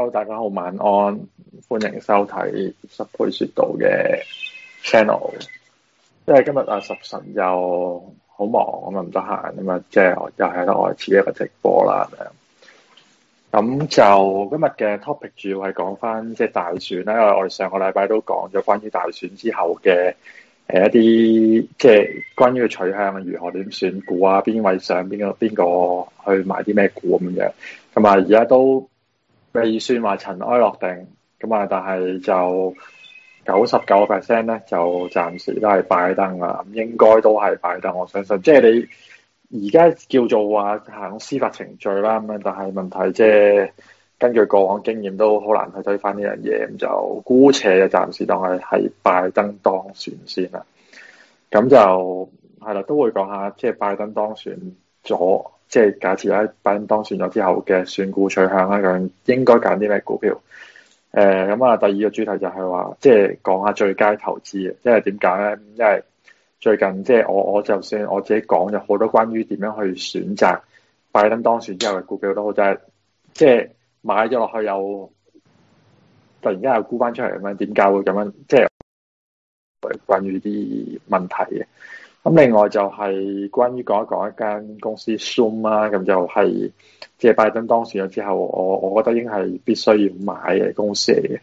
Hello 大家好，晚安，歡迎收睇十倍雪道嘅 channel。因為今日阿、啊、十神又好忙啊嘛，唔得閒啊嘛，即係又喺度我自己一個直播啦咁樣。咁就今日嘅 topic 主要係講翻即係大選咧，因為我哋上個禮拜都講咗關於大選之後嘅誒一啲即係關於嘅取向如何點選股啊，邊位上邊個邊個去買啲咩股咁樣。咁啊而家都。未算話塵埃落定，咁啊，但係就九十九個 percent 咧，就暫時都係拜登啦，應該都係拜登。我相信，即係你而家叫做話行司法程序啦，咁樣，但係問題即係根據過往經驗都好難去推翻呢樣嘢，咁就姑且就暫時當係係拜登當選先啦。咁就係啦，都會講下，即係拜登當選咗。即係假設喺拜登當選咗之後嘅選股取向啦，咁應該揀啲咩股票？誒、呃，咁啊，第二個主題就係話，即係講下最佳投資，即係點解咧？因為最近即係我，我就算我自己講咗好多關於點樣去選擇拜登當選之後嘅股票都好，就係即係買咗落去又突然間又沽翻出嚟咁樣，點解會咁樣？即係關於啲問題嘅。咁另外就係關於講一講一間公司 Zoom 啦，咁就係即係拜登當選咗之後，我我覺得應該係必須要買嘅公司嚟嘅，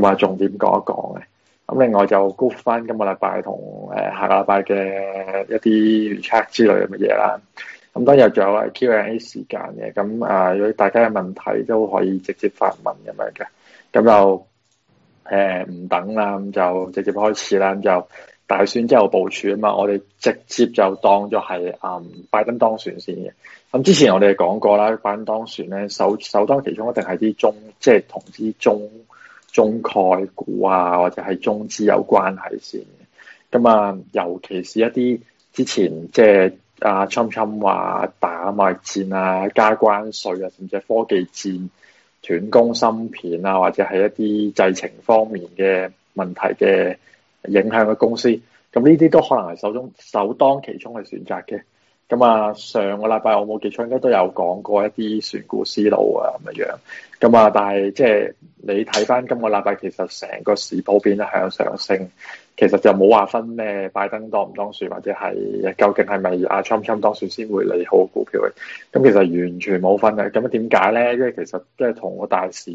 咁啊重點講一講嘅。咁另外就 go 翻今個禮拜同誒下個禮拜嘅一啲 check 之類嘅嘢啦。咁當然仲有 Q&A 時間嘅，咁啊如果大家嘅問題都可以直接發問咁樣嘅，咁就誒唔等啦，咁就直接開始啦，咁就。大選之後部署啊嘛，我哋直接就當咗係啊拜登當選先嘅。咁之前我哋講過啦，拜登當選咧，首首當其衝一定係啲中，即係同啲中中概股啊，或者係中資有關係先嘅。咁啊，尤其是一啲之前即係啊侵侵話打貿戰啊、加關稅啊，甚至係科技戰斷供芯片啊，或者係一啲製程方面嘅問題嘅。影響嘅公司，咁呢啲都可能係手中首當其衝嘅選擇嘅。咁啊，上個禮拜我冇記錯，應該都有講過一啲選股思路啊咁樣。咁啊，但係即係你睇翻今個禮拜，其實成個市普遍都向上升，其實就冇話分咩拜登當唔當選或者係究竟係咪阿 Trump Trump 當選先會利好股票嘅。咁其實完全冇分嘅。咁點解咧？因為其實即係同個大市。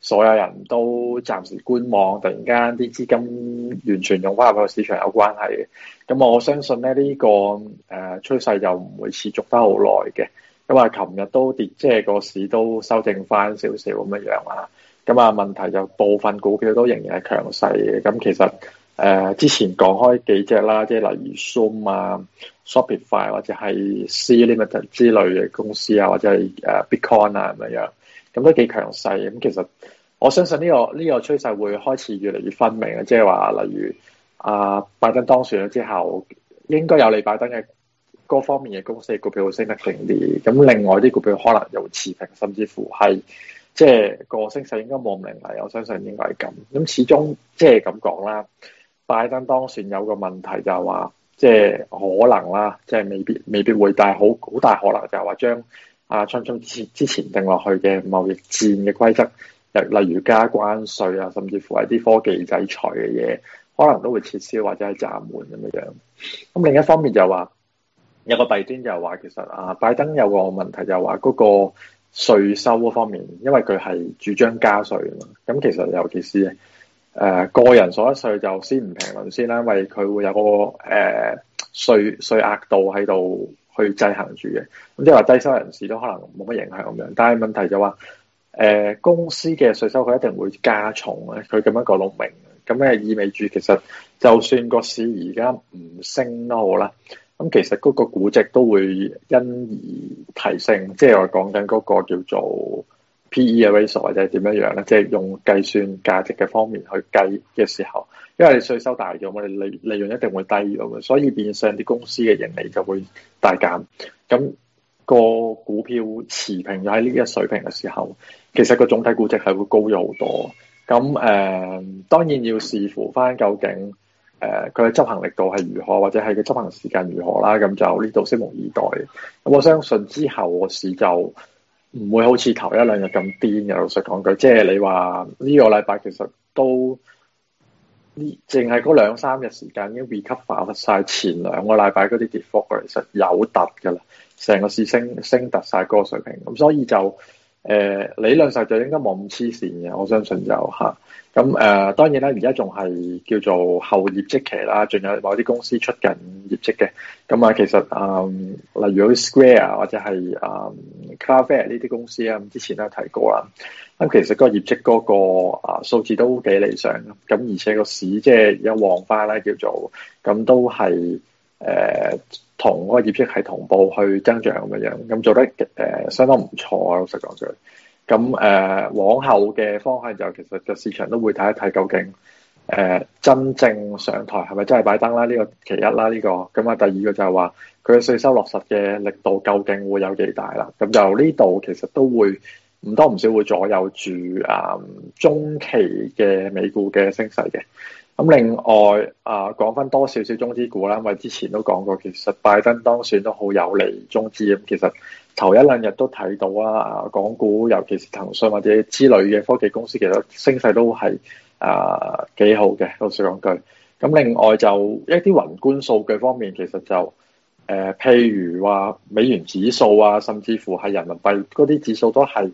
所有人都暫時觀望，突然間啲資金完全用翻入個市場有關係嘅。咁啊，我相信咧呢個誒趨勢就唔會持續得好耐嘅。咁啊，琴日都跌，即係個市都修正翻少少咁樣樣啦。咁啊，問題就部分股票都仍然係強勢嘅。咁其實誒、呃、之前講開幾隻啦，即係例如 Zoom 啊、Shopify 或者係 C Limited 之類嘅公司啊，或者係誒 Bitcoin 啊咁樣。咁都幾強勢，咁其實我相信呢、這個呢、這個趨勢會開始越嚟越分明嘅，即係話例如阿、啊、拜登當選咗之後，應該有利拜登嘅各方面嘅公司嘅股票會升得勁啲，咁另外啲股票可能又持平，甚至乎係即係個升勢應該冇咁凌厲，我相信應該係咁。咁始終即係咁講啦，拜登當選有個問題就係話即係可能啦，即、就、係、是、未必未必會，但係好好大可能就係話將。啊，春春之前定落去嘅貿易戰嘅規則，例例如加關稅啊，甚至乎係啲科技制裁嘅嘢，可能都會撤銷或者係暫緩咁樣樣。咁另一方面就話有個弊端就話，其實啊，拜登有個問題就話嗰、嗰個稅收嗰方面，因為佢係主張加稅啊嘛。咁其實尤其是誒、呃、個人所得稅就先唔評論先啦，因為佢會有個誒稅稅額度喺度。去制衡住嘅，咁即係話低收入人士都可能冇乜影響咁樣，但係問題就話，誒、呃、公司嘅稅收佢一定會加重啊！佢咁樣講到明，咁咧意味住其實就算個市而家唔升都好啦，咁其實嗰個估值都會因而提升，即係我講緊嗰個叫做。P/E ratio 或者點樣樣咧，即係用計算價值嘅方面去計嘅時候，因為你稅收大咗，我哋利利潤一定會低咗，所以變相啲公司嘅盈利就會大減。咁個股票持平喺呢一水平嘅時候，其實個總體估值係會高咗好多。咁誒當然要視乎返究竟誒佢嘅執行力度係如何，或者係佢執行時間如何啦。咁就呢度拭目以待。咁我相信之後個市就～唔會好似頭一兩日咁癲嘅，老實講句，即係你話呢、這個禮拜其實都，呢淨係嗰兩三日時間已經 recover 晒前兩個禮拜嗰啲跌幅，其實有突噶啦，成個市升升突晒嗰個水平，咁所以就。誒理論上就應該冇咁黐線嘅，我相信就嚇咁誒。當然啦，而家仲係叫做後業績期啦，仲有某啲公司出緊業績嘅。咁啊，其實誒、啊，例如好似 Square 或者係誒 Carrefour 呢啲公司啊，之前都有提過啦。咁、啊、其實嗰個業績嗰、嗰個啊數字都幾理想咁、啊、而且個市即係有旺翻咧，叫做咁、啊、都係誒。啊同嗰個業績係同步去增長咁樣，咁做得誒、呃、相當唔錯啊！老實講句，咁誒、呃、往後嘅方向就其實個市場都會睇一睇究竟誒、呃、真正上台係咪真係拜登啦？呢、這個其一啦，呢、這個咁啊第二個就係話佢嘅稅收落實嘅力度究竟會有幾大啦？咁就呢度其實都會唔多唔少會左右住啊、呃、中期嘅美股嘅升勢嘅。咁另外啊，講翻多少少中資股啦，因為之前都講過，其實拜登當選都好有利中資咁。其實頭一兩日都睇到啊，港股尤其是騰訊或者之類嘅科技公司，其實升勢都係啊幾好嘅，老實講句。咁另外就一啲宏觀數據方面，其實就誒、呃，譬如話美元指數啊，甚至乎係人民幣嗰啲指數都係誒、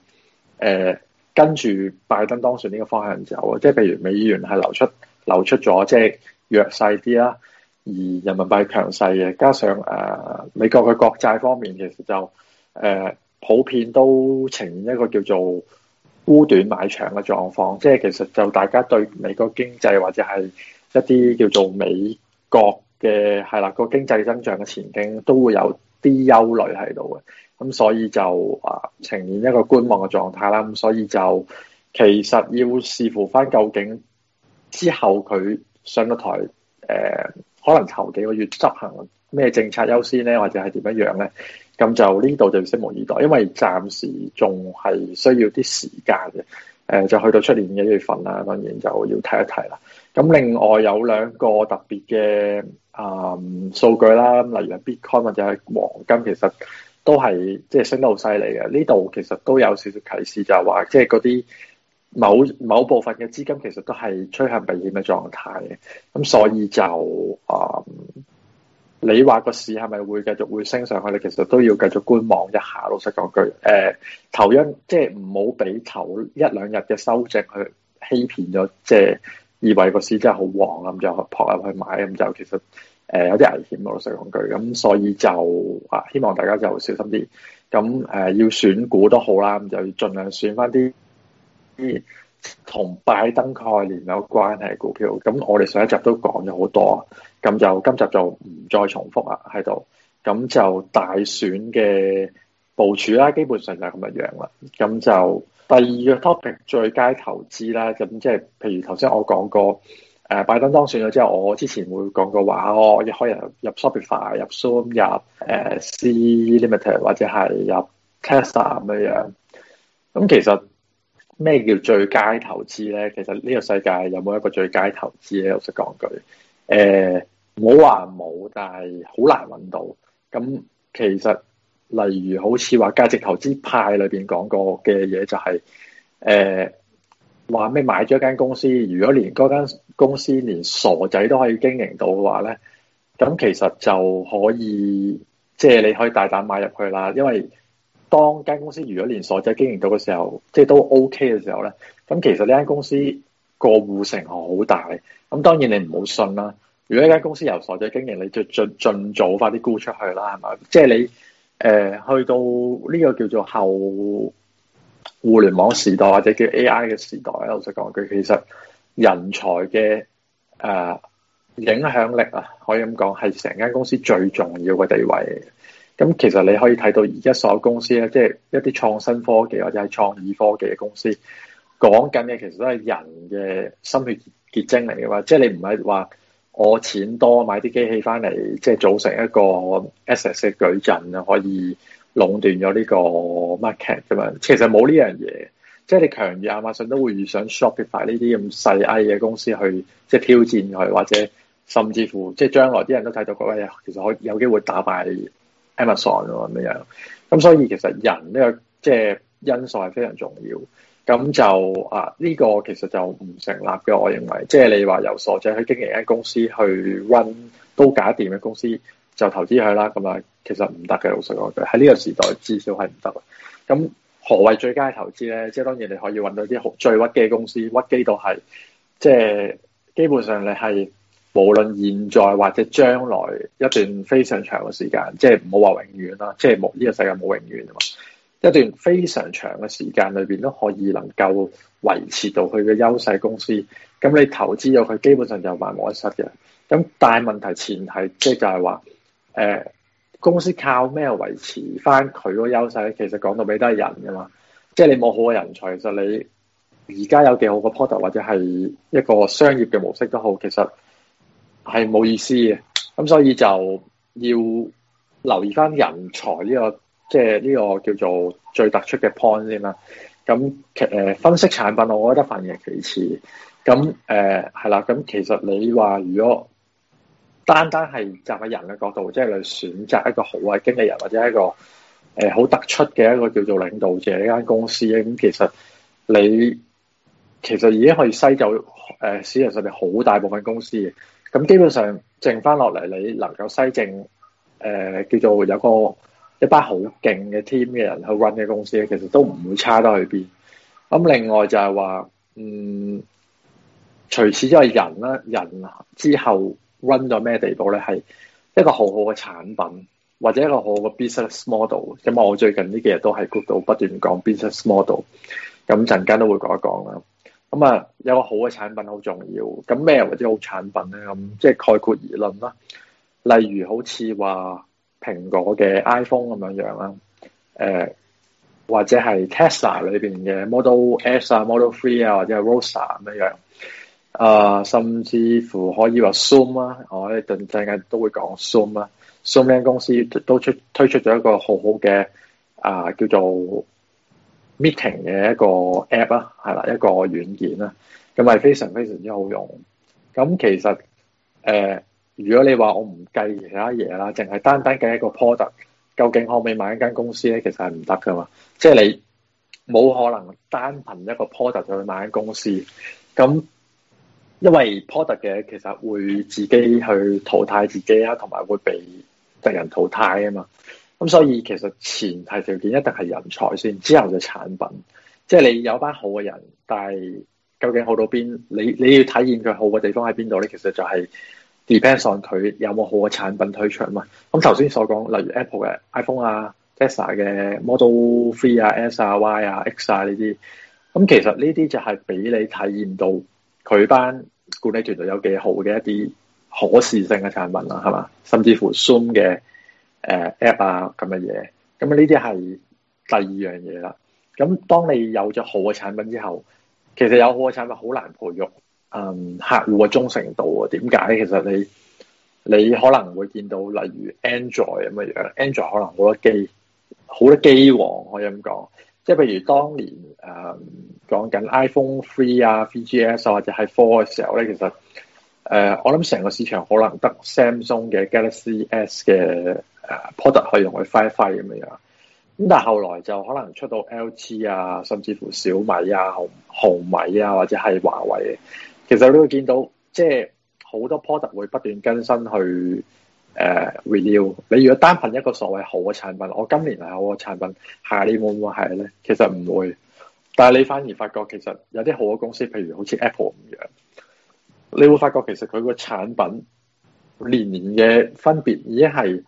呃、跟住拜登當選呢個方向走啊，即係譬如美元係流出。流出咗，即係弱勢啲啦，而人民幣強勢嘅，加上誒、呃、美國嘅國債方面，其實就誒、呃、普遍都呈現一個叫做沽短買長嘅狀況，即係其實就大家對美國經濟或者係一啲叫做美國嘅係啦個經濟增長嘅前景都會有啲憂慮喺度嘅，咁所以就啊、呃呃、呈現一個觀望嘅狀態啦，咁所以就其實要視乎翻究竟。之後佢上咗台誒、呃，可能頭幾個月執行咩政策優先咧，或者係點樣樣咧？咁就呢度就拭目以待，因為暫時仲係需要啲時間嘅。誒、呃，就去到出年嘅一月份啦，當然就要睇一睇啦。咁另外有兩個特別嘅啊、呃、數據啦，例如 Bitcoin 或者係黃金，其實都係即係升得好犀利嘅。呢度其實都有少少提示就，就係話即係嗰啲。某某部分嘅資金其實都係趨向避險嘅狀態嘅，咁所以就啊、嗯，你話個市係咪會繼續會升上去咧？你其實都要繼續觀望一下。老實講句，誒、呃，頭一即係唔好俾頭一兩日嘅修正去欺騙咗，即、就、係、是、以為個市真係好旺，咁就撲入去買，咁就其實誒、呃、有啲危險。老實講句，咁、嗯、所以就啊、呃，希望大家就小心啲，咁誒、呃、要選股都好啦，咁就要盡量選翻啲。啲同拜登概念有關係股票，咁我哋上一集都講咗好多，咁就今集就唔再重複啦，喺度，咁就大選嘅部署啦，基本上就係咁樣啦，咁就第二個 topic 最佳投資啦，咁即係譬如頭先我講過，誒拜登當選咗之後，我之前會講個話，我可以入 ify, 入 Shopify，入 Zoom，入誒 C Limited 或者係入 Tesla 咁樣樣，咁其實。咩叫最佳投資咧？其實呢個世界有冇一個最佳投資咧？老實講句，誒、呃，冇話冇，但係好難搵到。咁其實例如好似話價值投資派裏邊講過嘅嘢，就是，就係誒，話咩買咗一間公司，如果連嗰間公司連傻仔都可以經營到嘅話咧，咁其實就可以即係你可以大膽買入去啦，因為。當間公司如果連傻仔經營到嘅時候，即係都 OK 嘅時候咧，咁其實呢間公司個護城河好大。咁當然你唔好信啦。如果一間公司由傻仔經營，你就盡盡早快啲沽出去啦，係嘛？即係你誒、呃、去到呢個叫做後互聯網時代或者叫 AI 嘅時代咧，老實講句，其實人才嘅誒、呃、影響力啊，可以咁講係成間公司最重要嘅地位。咁其實你可以睇到而家所有公司咧，即係一啲創新科技或者係創意科技嘅公司講緊嘅，其實都係人嘅心血結晶嚟嘅嘛。即係你唔係話我錢多買啲機器翻嚟，即係組成一個 S X 嘅舉陣啊，可以壟斷咗呢個 market 咁啊。其實冇呢樣嘢，即係你強如亞馬遜都會遇上 Shopify 呢啲咁細 I 嘅公司去即係挑戰佢，或者甚至乎即係將來啲人都睇到，喂，其實可有機會打敗你。Amazon 咯，咁樣，咁所以其實人呢、這個即係、就是、因素係非常重要，咁就啊呢、這個其實就唔成立嘅。我認為，即、就、係、是、你話由傻仔去經營間公司去 run 都搞掂嘅公司，就投資佢啦。咁啊，其實唔得嘅老實講句，喺呢個時代至少係唔得。咁何謂最佳投資咧？即、就、係、是、當然你可以揾到啲好最屈機嘅公司，屈機到係即係基本上你係。無論現在或者將來一段非常長嘅時間，即係唔好話永遠啦，即係冇呢個世界冇永遠啊嘛。一段非常長嘅時間裏邊都可以能夠維持到佢嘅優勢公司，咁你投資咗佢，基本上就萬無一失嘅。咁但係問題前提即係就係話，誒、欸、公司靠咩維持翻佢個優勢咧？其實講到尾都係人㗎嘛，即係你冇好嘅人才，其實你而家有幾好嘅 portfolio 或者係一個商業嘅模式都好，其實。係冇意思嘅，咁所以就要留意翻人才呢、這個，即係呢個叫做最突出嘅 point 先啦。咁其誒分析產品，我覺得反而其次。咁誒係啦，咁、呃、其實你話如果單單係站喺人嘅角度，即、就、係、是、你選擇一個好嘅經理人，或者一個誒好突出嘅一個叫做領導者呢間公司咧，咁其實你其實已經可以篩走誒市場上面好大部分公司嘅。咁基本上剩翻落嚟，你能夠西正誒、呃、叫做有個一班好勁嘅 team 嘅人去 run 嘅公司，其實都唔會差得去邊。咁另外就係話，嗯，除此之外人啦，人之後 run 到咩地步咧，係一個好好嘅產品，或者一個好好嘅 business model。咁、嗯、我最近呢幾日都喺 group 度不斷講 business model，咁陣間都會講一講啦。咁啊，有個好嘅產品好重要。咁咩或者好產品咧？咁即係概括而論啦。例如好似話蘋果嘅 iPhone 咁樣樣啦，誒、呃、或者係 Tesla 裏邊嘅 Model S 啊、Model Three 啊或者係 Roadster 咁樣，啊、呃、甚至乎可以話 Zoom 啦、啊，我陣間都會講 Zoom 啦、啊。Zoom 呢間公司都出都推出咗一個好好嘅啊叫做 meeting 嘅一個 app 啦，係啦，一個軟件啦，咁係非常非常之好用。咁其實誒、呃，如果你話我唔計其他嘢啦，淨係單單計一個 product，究竟可唔可以買一間公司咧？其實係唔得噶嘛，即係你冇可能單憑一個 product 就去買間公司。咁因為 product 嘅其實會自己去淘汰自己啊，同埋會被敵人淘汰啊嘛。咁、嗯、所以其實前提條件一定係人才先，之後嘅產品，即係你有班好嘅人，但係究竟好到邊？你你要體驗佢好嘅地方喺邊度咧？其實就係 depends on 佢有冇好嘅產品推出啊嘛。咁頭先所講，例如 Apple 嘅 iPhone 啊、Tesla 嘅 Model Three 啊、S 啊、Y 啊、X 啊呢啲，咁、嗯、其實呢啲就係俾你體驗到佢班管理團隊有幾好嘅一啲可視性嘅產品啦，係嘛？甚至乎 Zoom 嘅。誒、uh, app 啊咁嘅嘢，咁呢啲係第二樣嘢啦。咁當你有咗好嘅產品之後，其實有好嘅產品好難培育嗯客戶嘅忠誠度啊。點解其實你你可能會見到例如 Android 咁嘅樣，樣，Android 可能好多機好多機王可以咁講，即係譬如當年誒、嗯、講緊 iPhone Three 啊、VGS 啊或者係 Four 嘅時候咧，其實誒、呃、我諗成個市場可能得 Samsung 嘅 Galaxy S 嘅。誒，product、啊、可以用佢 fire fire 咁樣樣，咁但係後來就可能出到 LG 啊，甚至乎小米啊、紅紅米啊，或者係華為，其實你會見到即係好多 product 會不斷更新去誒 review、啊。你如果單憑一個所謂好嘅產品，我今年係好嘅產品，下年會唔會係咧？其實唔會，但係你反而發覺其實有啲好嘅公司，譬如好似 Apple 咁樣，你會發覺其實佢個產品年年嘅分別已經係。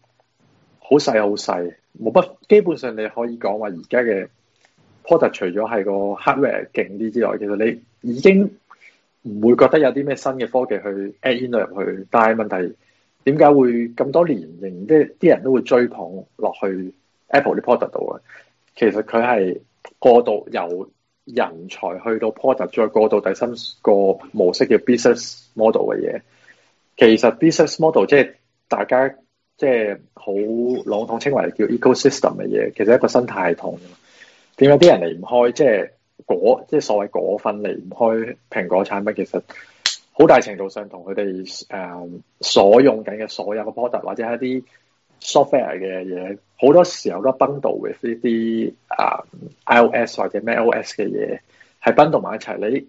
好細好細，冇不，不基本上你可以講話而家嘅 product 除咗係個 hardware 勁啲之外，其實你已經唔會覺得有啲咩新嘅科技去 add in 入去。但係問題點解會咁多年型，即係啲人都會追捧落去 Apple 啲 product 度啊？其實佢係過度由人才去到 product，再過渡第三個模式嘅 business model 嘅嘢。其實 business model 即係大家。即係好籠統稱為叫 ecosystem 嘅嘢，其實一個生態系統。點解啲人離唔開？即係果，即係所謂果粉離唔開蘋果產品。其實好大程度上同佢哋誒所用緊嘅所有嘅 product 或者係一啲 software 嘅嘢，好多時候都 bundle with 呢啲啊 iOS 或者 macOS 嘅嘢，係 bundle 到埋一齊。你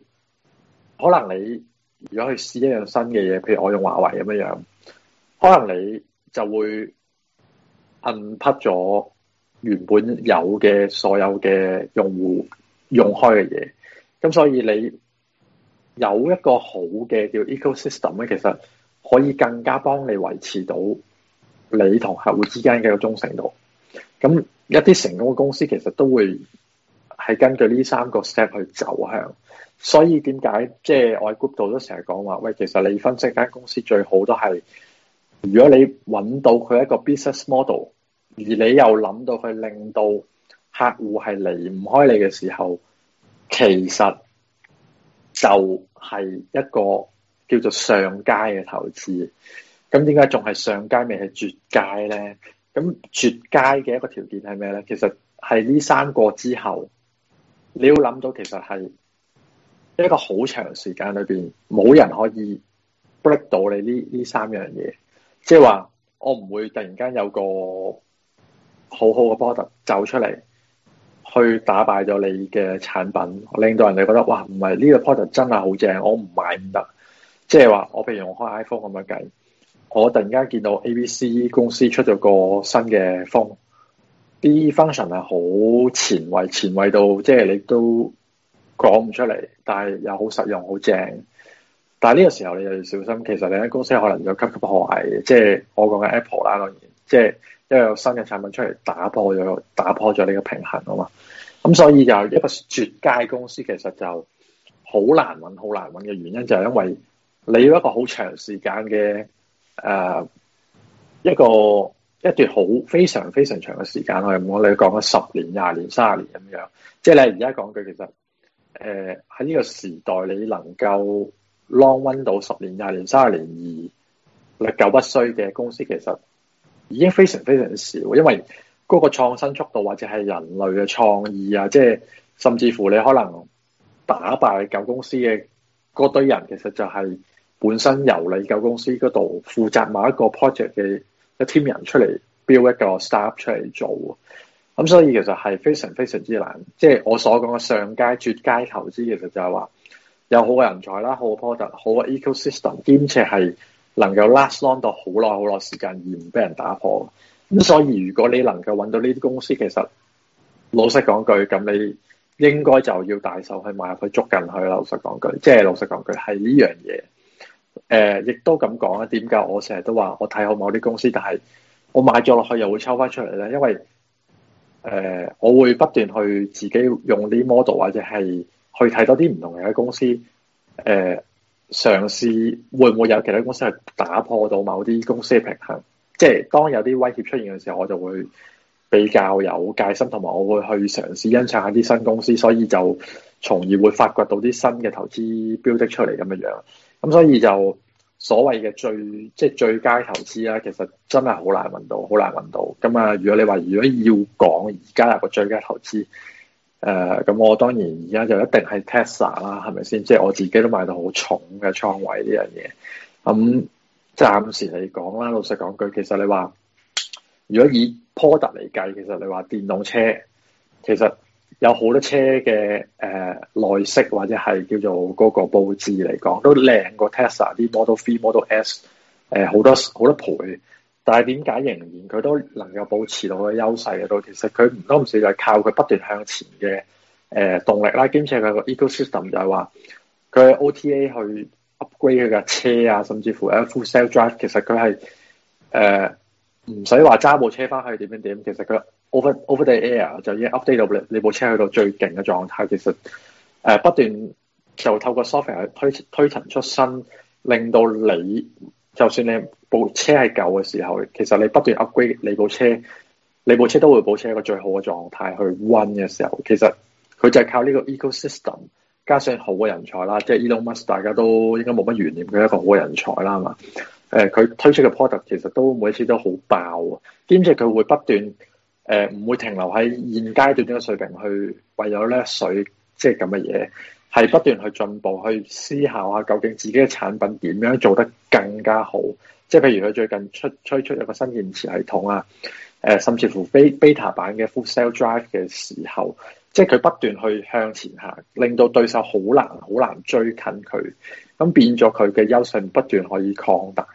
可能你如果去試一樣新嘅嘢，譬如我用華為咁樣，可能你。就會暗潑咗原本有嘅所有嘅用戶用開嘅嘢，咁所以你有一個好嘅叫 ecosystem 咧，其實可以更加幫你維持到你同客戶之間嘅個忠誠度。咁一啲成功嘅公司其實都會係根據呢三個 step 去走向，所以點解即係我喺 group 度都成日講話，喂，其實你分析間公司最好都係。如果你揾到佢一個 business model，而你又諗到佢令到客戶係離唔開你嘅時候，其實就係一個叫做上佳嘅投資，咁點解仲係上佳未係絕佳咧？咁絕佳嘅一個條件係咩咧？其實係呢三個之後，你要諗到其實係一個好長時間裏邊冇人可以 break 到你呢呢三樣嘢。即係話，我唔會突然間有個好好嘅 product 走出嚟，去打敗咗你嘅產品，令到人哋覺得哇，唔係呢個 product 真係好正，我唔買唔得。即係話，我譬如我開 iPhone 咁樣計，我突然間見到 ABC 公司出咗個新嘅 phone，啲 function 係好前衛，前衛到即係你都講唔出嚟，但係又好實用，好正。但係呢個時候你又要小心，其實你間公司可能有急急破壞，即係我講嘅 Apple 啦，當然，即係因為有新嘅產品出嚟打破咗，打破咗你個平衡啊嘛。咁所以就係一個絕佳公司，其實就好難揾，好難揾嘅原因就係因為你要一個好長時間嘅誒、呃、一個一段好非常非常長嘅時間，我我哋講咗十年、廿年、三十年咁樣，即係你而家講句，其實誒喺呢個時代你能夠。Long window 十年、廿年、三十年而歷久不衰嘅公司，其實已經非常非常少，因為嗰個創新速度或者係人類嘅創意啊，即係甚至乎你可能打敗舊公司嘅嗰堆人，其實就係本身由你舊公司嗰度負責某一個 project 嘅一 team 人出嚟，標一個 start up 出嚟做，咁所以其實係非常非常之難。即係我所講嘅上街絕街投資，其實就係話。有好嘅人才啦，好嘅 product，好嘅 ecosystem，兼且係能夠 last long 到好耐好耐時間而唔俾人打破。咁所以，如果你能夠揾到呢啲公司，其實老實講句，咁你應該就要大手去買入去捉緊佢啦。老實講句，即係老實講句，係呢、呃、樣嘢。誒，亦都咁講啊？點解我成日都話我睇好某啲公司，但係我買咗落去又會抽翻出嚟咧？因為誒、呃，我會不斷去自己用啲 model 或者係。去睇多啲唔同嘅公司，誒、呃，嘗試會唔會有其他公司去打破到某啲公司嘅平衡？即係當有啲威脅出現嘅時候，我就會比較有戒心，同埋我會去嘗試欣賞下啲新公司，所以就從而會發掘到啲新嘅投資標的出嚟咁樣樣。咁所以就所謂嘅最即係、就是、最佳投資啦、啊，其實真係好難揾到，好難揾到。咁啊，如果你話如果要講而家有個最佳投資。誒，咁、呃、我當然而家就一定係 Tesla 啦，係咪先？即係我自己都買到好重嘅倉位呢樣嘢。咁、嗯、暫時嚟講啦，老實講句，其實你話如果以產品嚟計，其實你話電動車其實有好多車嘅誒內飾或者係叫做嗰個布置嚟講都靚過 Tesla 啲 Model Three、Model, v, Model S，誒、呃、好多好多倍。但係點解仍然佢都能夠保持到佢嘅優勢喺度？其實佢唔多唔少就係、是、靠佢不斷向前嘅誒、呃、動力啦，兼且佢個 ecosystem 就係話佢 OTA 去 upgrade 佢架車啊，甚至乎 full self drive，其實佢係誒唔使話揸部車翻去點點點，其實佢 over over the air 就已經 update 到你，你部車去到最勁嘅狀態。其實誒、呃、不斷就透過 software 去推推，推陳出新，令到你。就算你部車係舊嘅時候，其實你不斷 upgrade 你部車，你部車都會保持一個最好嘅狀態去 run 嘅時候，其實佢就係靠呢個 ecosystem，加上好嘅人才啦，即係 Elon Musk 大家都應該冇乜懸念嘅一個好嘅人才啦嘛。誒、啊，佢、呃、推出嘅 product 其實都每一次都好爆，兼且佢會不斷誒唔、呃、會停留喺現階段呢個水平去為咗咧水即係咁嘅嘢。係不斷去進步，去思考下、啊、究竟自己嘅產品點樣做得更加好。即係譬如佢最近出推出一個新電池系統啊，誒、呃，甚至乎 beta 版嘅 Full Self Drive 嘅時候，即係佢不斷去向前行，令到對手好難好難追近佢，咁變咗佢嘅優勢不斷可以擴大。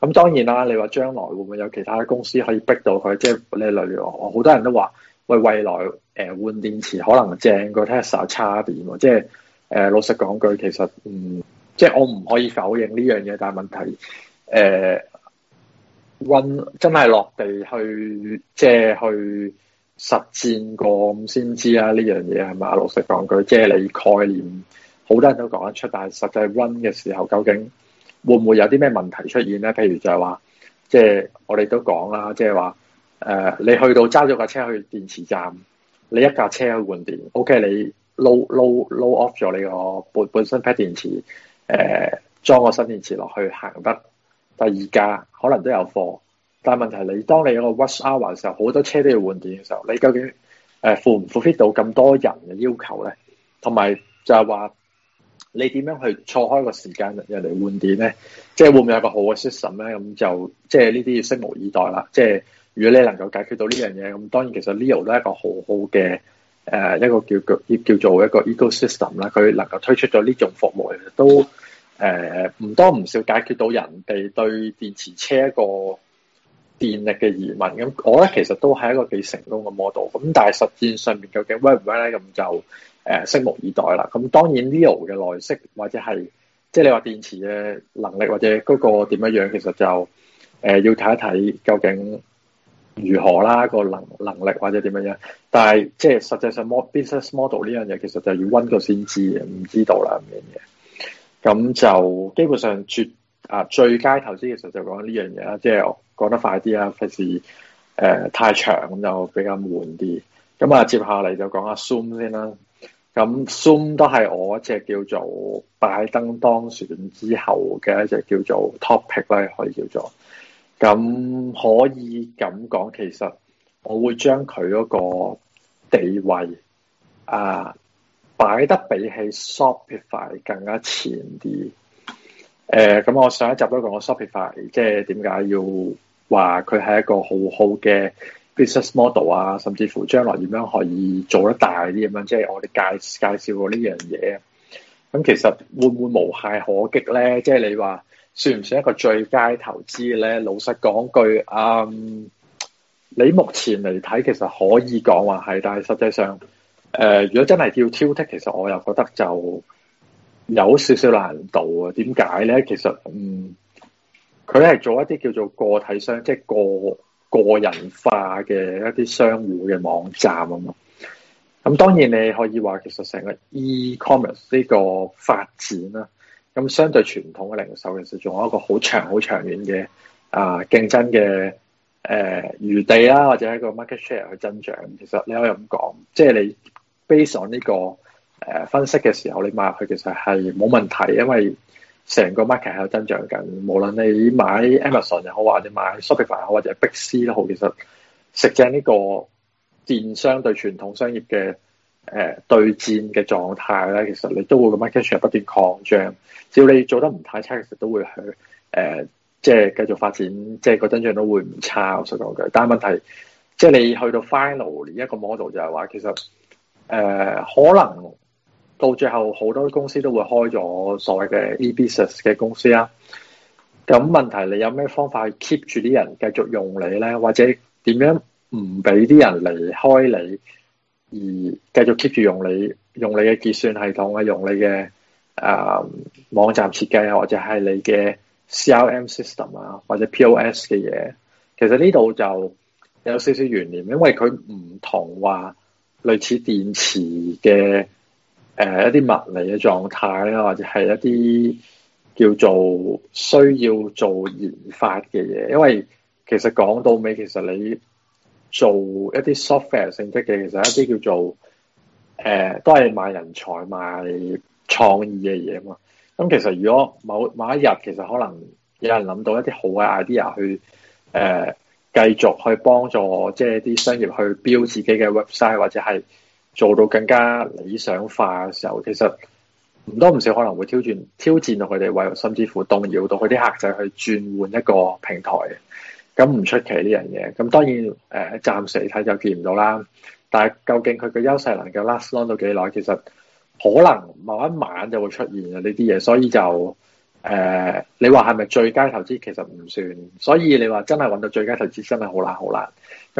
咁當然啦、啊，你話將來會唔會有其他公司可以逼到佢？即係例如我好多人都話，喂，未來誒、呃、換電池可能正過 Tesla 差點、啊，即係。誒，老實講句，其實嗯，即係我唔可以否認呢樣嘢，但係問題誒、呃、run 真係落地去，即係去實戰過先知啊，呢樣嘢係嘛？老實講句，即係你概念好多人都講得出，但係實際 run 嘅時候，究竟會唔會有啲咩問題出現咧？譬如就係話，即係我哋都講啦，即係話誒，你去到揸咗架車去電池站，你一架車去換電，OK，你。low low low off 咗你個本本身 pet 電池，誒、uh, 裝個新電池落去行得，第二架可能都有貨，但係問題，你當你有個 wash hour 嘅時候，好多車都要換電嘅時候，你究竟誒負唔負 fit 到咁多人嘅要求咧？同埋就係話你點樣去錯開個時間人嚟換電咧？即係會唔會有個好嘅 system 咧？咁就即係呢啲要拭目以待啦。即係如果你能夠解決到呢樣嘢，咁當然其實 Leo 都係一個好好嘅。誒、呃、一個叫叫叫做一個 ecosystem 啦，佢能夠推出咗呢種服務，其實都誒唔、呃、多唔少解決到人哋對電池車一個電力嘅疑問。咁我覺得其實都係一個幾成功嘅 model。咁但係實戰上面究竟 work 唔 work 咧？咁就誒、呃、拭目以待啦。咁當然 Leo 嘅內飾或者係即係你話電池嘅能力或者嗰個點樣樣，其實就誒、呃、要睇一睇究竟如何啦？個能能力或者點樣？但係即係實際上 business model 呢樣嘢，其實就係要溫過先知嘅，唔知道啦咁嘅。咁就基本上最啊最佳投資其實就講呢樣嘢啦，即係講得快啲啊，費事誒太長就比較悶啲。咁啊，接下嚟就講下 Zoom 先啦。咁 Zoom 都係我一隻叫做拜登當選之後嘅一隻叫做 topic 咧，可以叫做。咁可以咁講，其實我會將佢嗰個地位啊擺得比起 Shopify 更加前啲。誒、呃，咁我上一集都講過 Shopify，即係點解要話佢係一個好好嘅 business model 啊，甚至乎將來點樣可以做得大啲咁樣，即係我哋介介紹過呢樣嘢。咁其實會唔會無懈可擊咧？即係你話。算唔算一個最佳投資咧？老實講句，嗯，你目前嚟睇其實可以講話係，但係實際上，誒、呃，如果真係叫挑剔，ick, 其實我又覺得就有少少難度啊。點解咧？其實，嗯，佢係做一啲叫做個體商，即係個個人化嘅一啲商戶嘅網站啊嘛。咁、嗯、當然你可以話，其實成個 e-commerce 呢個發展啦。咁相對傳統嘅零售其實仲有一個好長好長遠嘅、呃呃、啊競爭嘅誒餘地啦，或者一個 market share 去增長。其實你可以咁講，即係你 base on 呢、這個誒、呃、分析嘅時候，你買佢其實係冇問題，因為成個 market 係有增長緊。無論你買 Amazon 又好，或者買 Shopify 好，或者係 Big C 都好，其實食正呢個電商對傳統商業嘅。誒對戰嘅狀態咧，其實你都會咁樣跟住 market 不斷擴張。只要你做得唔太差，其實都會去誒，即、呃、係、就是、繼續發展，即係個增長都會唔差。我想講嘅，但係問題即係、就是、你去到 final 一個 model 就係話，其實誒、呃、可能到最後好多公司都會開咗所謂嘅 EBS 嘅公司啊。咁問題你有咩方法去 keep 住啲人繼續用你咧，或者點樣唔俾啲人離開你？而繼續 keep 住用你用你嘅結算系統啊，用你嘅誒、um，網站設計啊，或者係你嘅 CRM system 啊，或者 POS 嘅嘢，其實呢度就有少少懸念，因為佢唔同話類似電池嘅誒、uh，一啲物理嘅狀態啊，或者係一啲叫做需要做研發嘅嘢，因為其實講到尾，其實你，做一啲 software 性質嘅，其實一啲叫做誒、呃，都係賣人才、賣創意嘅嘢嘛。咁、嗯、其實如果某某一日，其實可能有人諗到一啲好嘅 idea 去誒、呃，繼續去幫助即係啲商業去 build 自己嘅 website，或者係做到更加理想化嘅時候，其實唔多唔少可能會挑戰挑戰到佢哋，或甚至乎動搖到佢啲客仔去轉換一個平台。咁唔出奇呢樣嘢，咁當然誒、呃、暫時睇就見唔到啦。但係究竟佢嘅優勢能夠 last long 到幾耐，其實可能某一晚就會出現啊呢啲嘢，所以就誒、呃、你話係咪最佳投資其實唔算。所以你話真係揾到最佳投資真係好難好難。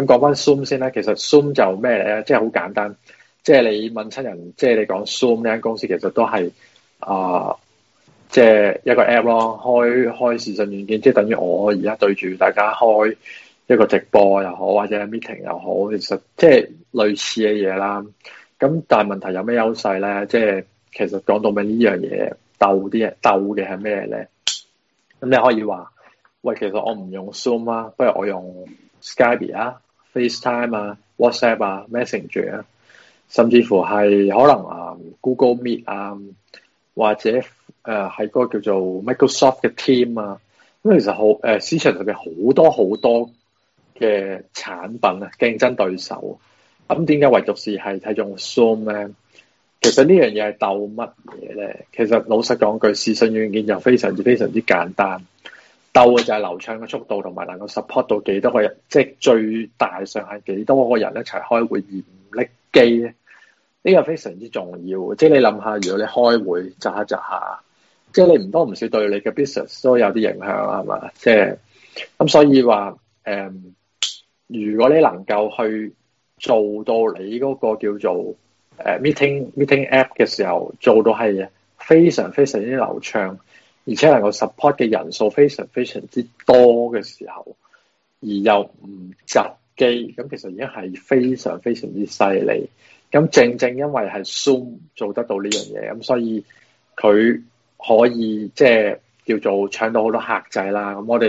咁講返 Zoom 先啦，其實 Zoom 就咩咧？即係好簡單，即係你問親人，即係你講 Zoom 呢間公司其實都係啊。呃即係一個 app 咯，開開視訊軟件，即係等於我而家對住大家開一個直播又好，或者係 meeting 又好，其實即係類似嘅嘢啦。咁但係問題有咩優勢咧？即係其實講到尾呢樣嘢鬥啲嘢鬥嘅係咩咧？咁你可以話喂，其實我唔用 Zoom 啊，不如我用 Skype 啊、FaceTime 啊、WhatsApp 啊、Messenger 啊，甚至乎係可能、啊、Google Meet 啊，或者，誒，喺嗰個叫做 Microsoft 嘅 Team 啊，咁其實好誒，市場上邊好多好多嘅產品啊，競爭對手。咁點解唯獨是係睇用 Zoom 咧？其實呢樣嘢係鬥乜嘢咧？其實老實講句，視訊軟件就非常之非常之簡單。鬥嘅就係流暢嘅速度，同埋能夠 support 到幾多個人，即係最大上限幾多個人一齊開會而唔甩機咧？呢個非常之重要。即係你諗下，如果你開會扎一扎下，即係你唔多唔少對你嘅 business 都有啲影響係嘛？即係咁所以話誒、嗯，如果你能夠去做到你嗰個叫做誒、呃、meeting meeting app 嘅時候，做到係非常非常之流暢，而且能夠 support 嘅人數非常非常之多嘅時候，而又唔集機，咁其實已經係非常非常之犀利。咁正正因為係 Zoom 做得到呢樣嘢，咁所以佢。可以即係叫做搶到好多客仔啦，咁我哋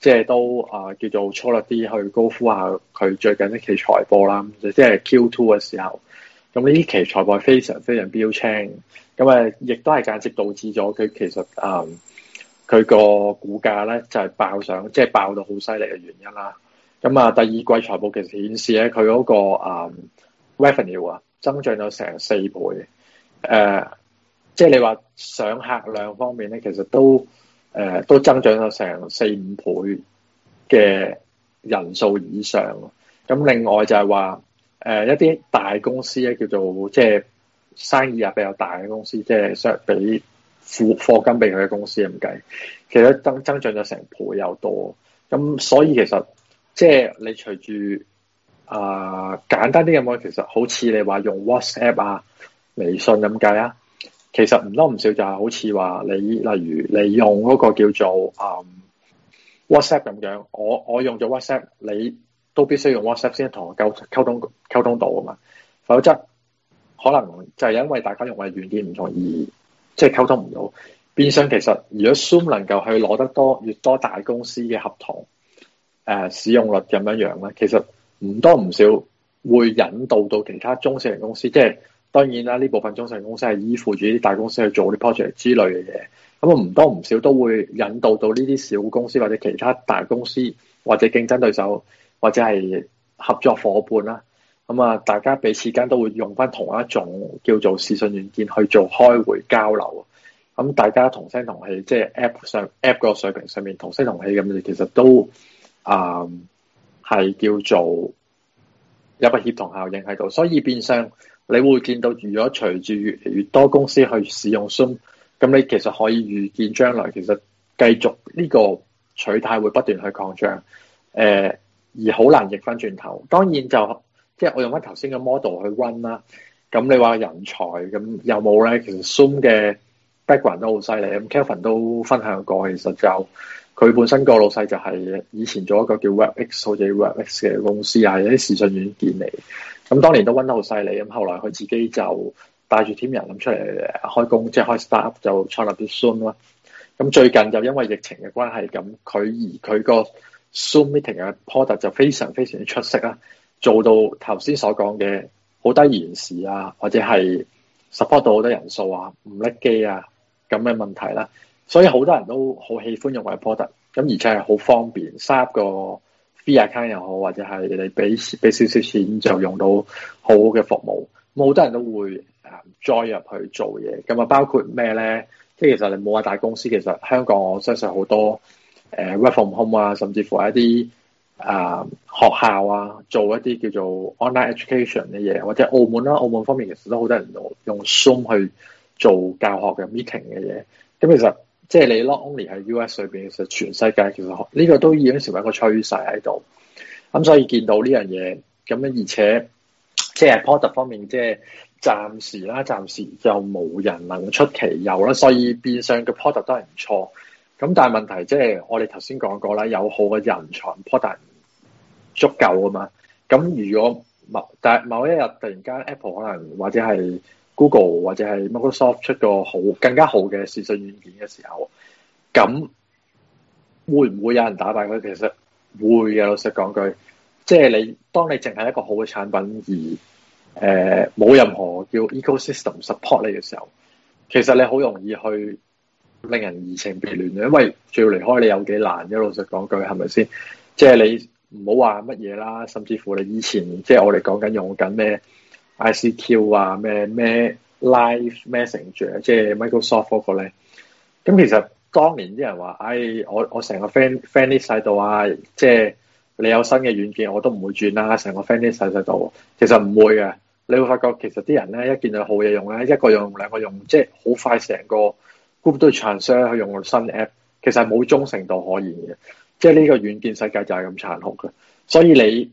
即係都啊叫做粗略啲去高呼下佢最近一期財報啦，就即係 Q2 嘅時候。咁呢期財報非常非常標青，咁啊亦都係間接導致咗佢其實啊佢個股價咧就係爆上，即係爆到好犀利嘅原因啦。咁啊第二季財報其實顯示咧佢嗰個啊 revenue 啊增長咗成四倍，誒。即係你話上客量方面咧，其實都誒、呃、都增長咗成四五倍嘅人數以上。咁另外就係話誒一啲大公司咧，叫做即係、就是、生意啊比較大嘅公司，即係相比付貨金俾佢嘅公司咁計，其實增增長咗成倍又多。咁所以其實即係、就是、你隨住啊簡單啲咁講，其實好似你話用 WhatsApp 啊、微信咁計啊。其實唔多唔少就係好似話你，例如你用嗰個叫做啊、um, WhatsApp 咁樣，我我用咗 WhatsApp，你都必須用 WhatsApp 先同我溝溝通溝通到啊嘛，否則可能就係因為大家用嘅軟件唔同而即係溝通唔到。變相其實，如果 Zoom 能夠去攞得多越多大公司嘅合同，誒、呃、使用率咁樣樣咧，其實唔多唔少會引導到其他中小型公司，即係。當然啦，呢部分中層公司係依附住啲大公司去做啲 project 之類嘅嘢，咁唔多唔少都會引導到呢啲小公司或者其他大公司或者競爭對手或者係合作伙伴啦。咁啊，大家彼此間都會用返同一種叫做視訊軟件去做開會交流。咁大家同聲同氣，即係 app 上 app 個水平上面同聲同氣咁樣，其實都啊係、嗯、叫做有個協同效應喺度，所以變相。你會見到，如果隨住越嚟越多公司去使用 Zoom，咁你其實可以預見將來其實繼續呢個取態會不斷去擴張，誒、呃、而好難逆翻轉頭。當然就即係我用翻頭先嘅 model 去 run 啦。咁你話人才咁有冇咧？其實 Zoom 嘅 background 都好犀利。咁 Kevin 都分享過，其實就佢本身個老細就係以前做一個叫 WebX 好似 WebX 嘅公司啊，有啲視訊軟件嚟。咁當年都溫得好犀利，咁後來佢自己就帶住 team 人咁出嚟開工，即係開 start up 就創立啲 Zoom 啦。咁最近就因為疫情嘅關係，咁佢而佢個 Zoom meeting 嘅 product 就非常非常之出色啦，做到頭先所講嘅好低延時啊，或者係 support 到好多人數啊、唔甩機啊咁嘅問題啦。所以好多人都好喜歡用嘅 product，咁而且係好方便。三個 V account 又好，或者係你俾少俾少少錢就用到好嘅服務。咁好多人都會 join 入去做嘢。咁啊，包括咩咧？即係其實你冇話大公司，其實香港我相信好多誒 Work、呃、from Home 啊，甚至乎一啲啊、呃、學校啊，做一啲叫做 Online Education 嘅嘢，或者澳門啦、啊，澳門方面其實都好多人用 Zoom 去做教學嘅 meeting 嘅嘢。咁其實即係你 not only 喺 US 裏邊，其實全世界其實呢個都已經成為一個趨勢喺度。咁、嗯、所以見到呢樣嘢，咁樣而且即係 product 方面，即係暫時啦，暫時就冇人能出其右啦。所以變相個 product 都係唔錯。咁但係問題即係我哋頭先講過啦，有好嘅人才 product 足夠啊嘛。咁如果某但係某一日突然間 Apple 可能或者係。Google 或者係 Microsoft 出個好更加好嘅視訊軟件嘅時候，咁會唔會有人打敗佢？其實會嘅。老實講句，即係你當你淨係一個好嘅產品而誒冇、呃、任何叫 ecosystem support 你嘅時候，其實你好容易去令人移情別戀嘅。因為仲要離開你有幾難嘅。老實講句，係咪先？即係你唔好話乜嘢啦，甚至乎你以前即係我哋講緊用緊咩？ICQ 啊，咩咩 Live Messenger，即係 Microsoft 嗰個咧。咁其實當年啲人話，唉、哎，我我成個 friend friend list 晒度啊，即係你有新嘅軟件我、啊，我都唔會轉啦，成個 friend list 晒度。其實唔會嘅，你會發覺其實啲人咧一見到好嘢用咧，一個用兩個用，即係好快成個 group 都 transfer 去用新 app。其實係冇忠誠度可言嘅，即係呢個軟件世界就係咁殘酷嘅。所以你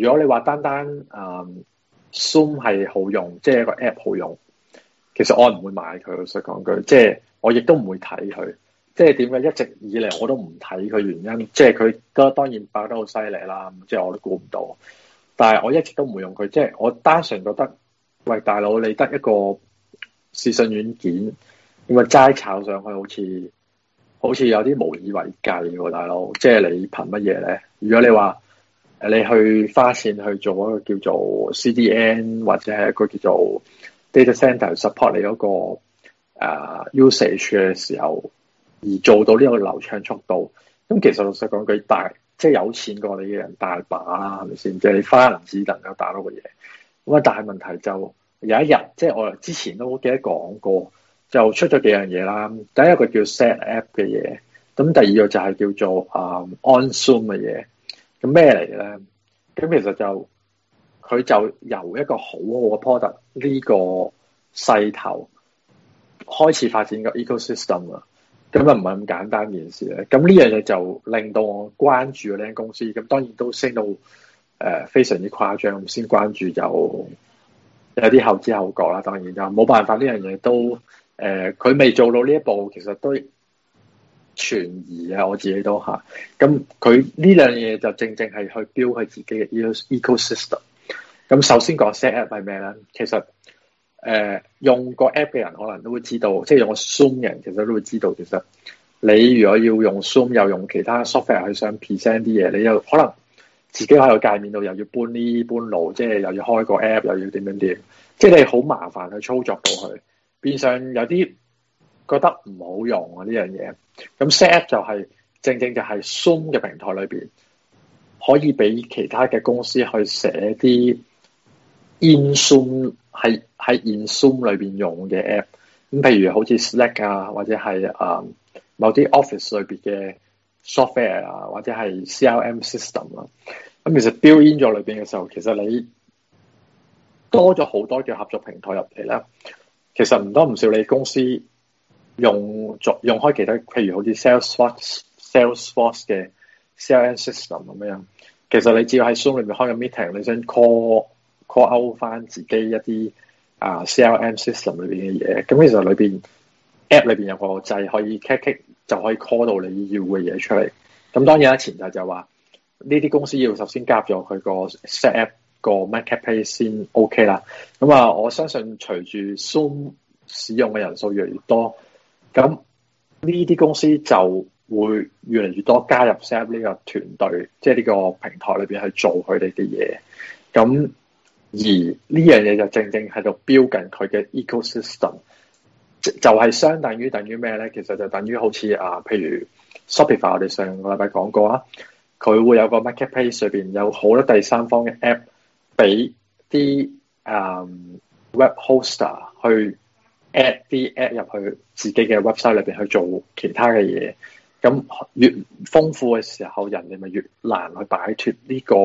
如果你話單單誒，嗯 Zoom 係好用，即係一個 app 好用。其實我唔會買佢，想講句，即係我亦都唔會睇佢。即係點解一直以嚟我都唔睇佢原因？即係佢嗰當然爆得好犀利啦，即係我都估唔到。但係我一直都唔會用佢，即係我單純覺得，喂，大佬你得一個視訊軟件，咁啊齋炒上去好似好似有啲無以為繼喎，大佬。即係你憑乜嘢咧？如果你話誒，你去花錢去做一個叫做 CDN 或者係一個叫做 data center support 你嗰、那個、uh, usage 嘅時候，而做到呢個流暢速度。咁其實老實講，佢大即係有錢過你嘅人大把啦，係咪先？即、就、係、是、你花銀紙能夠打到嘅嘢。咁啊，但係問題就有一日，即係我之前都好記得講過，就出咗幾樣嘢啦。第一個叫 Set App 嘅嘢，咁第二個就係叫做誒、um, On Zoom 嘅嘢。咁咩嚟嘅咧？咁其實就佢就由一個好好嘅 product 呢個勢頭開始發展個 ecosystem 啊，咁啊唔係咁簡單件事咧。咁呢樣嘢就令到我關注嗰間公司，咁當然都升到誒非常之誇張，先關注就有啲後知後覺啦。當然就冇辦法呢樣嘢都誒，佢、呃、未做到呢一步，其實都。存疑啊！我自己都嚇咁，佢、啊、呢兩嘢就正正係去 build 佢自己嘅 ecosystem 咁、啊、首先講 set app 係咩咧？其實誒、呃、用個 app 嘅人可能都會知道，即係用個 Zoom 嘅人其實都會知道。其實你如果要用 Zoom 又用其他 software 去想 present 啲嘢，你就可能自己喺個界面度又要搬呢搬路，即係又要開個 app 又要點點點，即係你好麻煩去操作到佢，變相有啲。覺得唔好用啊！呢樣嘢咁 set 就係正正就係 zoom 嘅平台裏邊，可以俾其他嘅公司去寫啲 in zoom 喺喺 in zoom 裏邊用嘅 app。咁譬如好似 slack 啊，或者係啊某啲 office 裏邊嘅 software 啊，或者係 crm system 啊。咁其實 build in 咗裏邊嘅時候，其實你多咗好多嘅合作平台入嚟啦，其實唔多唔少你公司。用作用開其他譬如好似 Salesforce、Salesforce 嘅 CRM system 咁樣，其實你只要喺 Zoom 裏面開個 meeting，你想 call call out 翻自己一啲啊、uh, CRM system 裏邊嘅嘢，咁其實裏邊 app 裏邊有個掣，可以 catch 就可以 call 到你要嘅嘢出嚟。咁當然啦、啊，前提就話呢啲公司要首先加咗佢個 set app 個 marketplace 先 OK 啦。咁啊，我相信隨住 Zoom 使用嘅人數越嚟越多。咁呢啲公司就會越嚟越多加入 Snap 呢個團隊，即係呢個平台裏邊去做佢哋嘅嘢。咁而呢樣嘢就正正喺度 build 緊佢嘅 ecosystem，就係相等於等於咩咧？其實就等於好似啊，譬如 Shopify 我哋上個禮拜講過啦，佢會有個 marketplace 裏邊有好多第三方嘅 app，俾啲誒 web hoster 去。at 啲 at 入去自己嘅 website 裏邊去做其他嘅嘢，咁越豐富嘅時候，人哋咪越難去擺脫呢個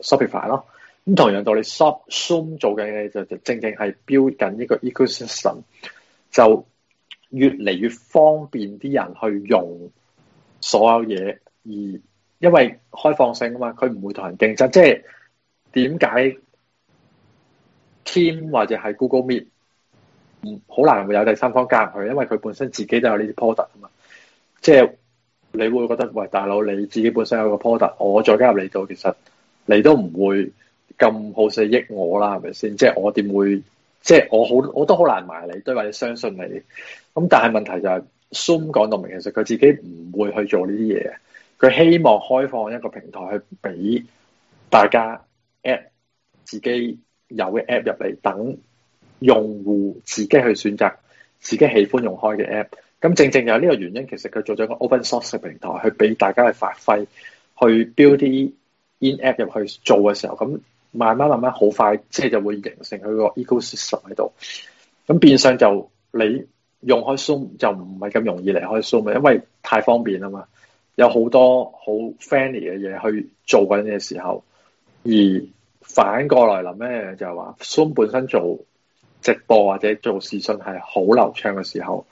Shopify 咯。咁同樣道理，Shopify 做嘅嘢就就正正係 build 緊呢個 ecosystem，就越嚟越方便啲人去用所有嘢，而因為開放性啊嘛，佢唔會同人競爭，即係點解 team 或者係 Google Meet？嗯，好難會有第三方加入去，因為佢本身自己都有呢啲 product 啊嘛，即係你會覺得喂，大佬你自己本身有個 product 我再加入你度，其實你都唔會咁好死益我啦，係咪先？即係我點會？即係我好，我都好難埋你，都或者相信你。咁但係問題就係，Zoom 講到明，其實佢自己唔會去做呢啲嘢，佢希望開放一個平台去俾大家 app 自己有嘅 app 入嚟等。用戶自己去選擇，自己喜歡用開嘅 app，咁正正有呢個原因，其實佢做咗個 open source 嘅平台，去俾大家去發揮，去 build 啲 in app 入去做嘅時候，咁慢慢慢慢好快，即係就會形成佢個 ecosystem 喺度。咁變相就你用開 Zoom 就唔係咁容易離開 Zoom 啊，因為太方便啦嘛，有好多好 fancy 嘅嘢去做緊嘅時候。而反過來諗咧，就係話 Zoom 本身做直播或者做視訊係好流暢嘅時候，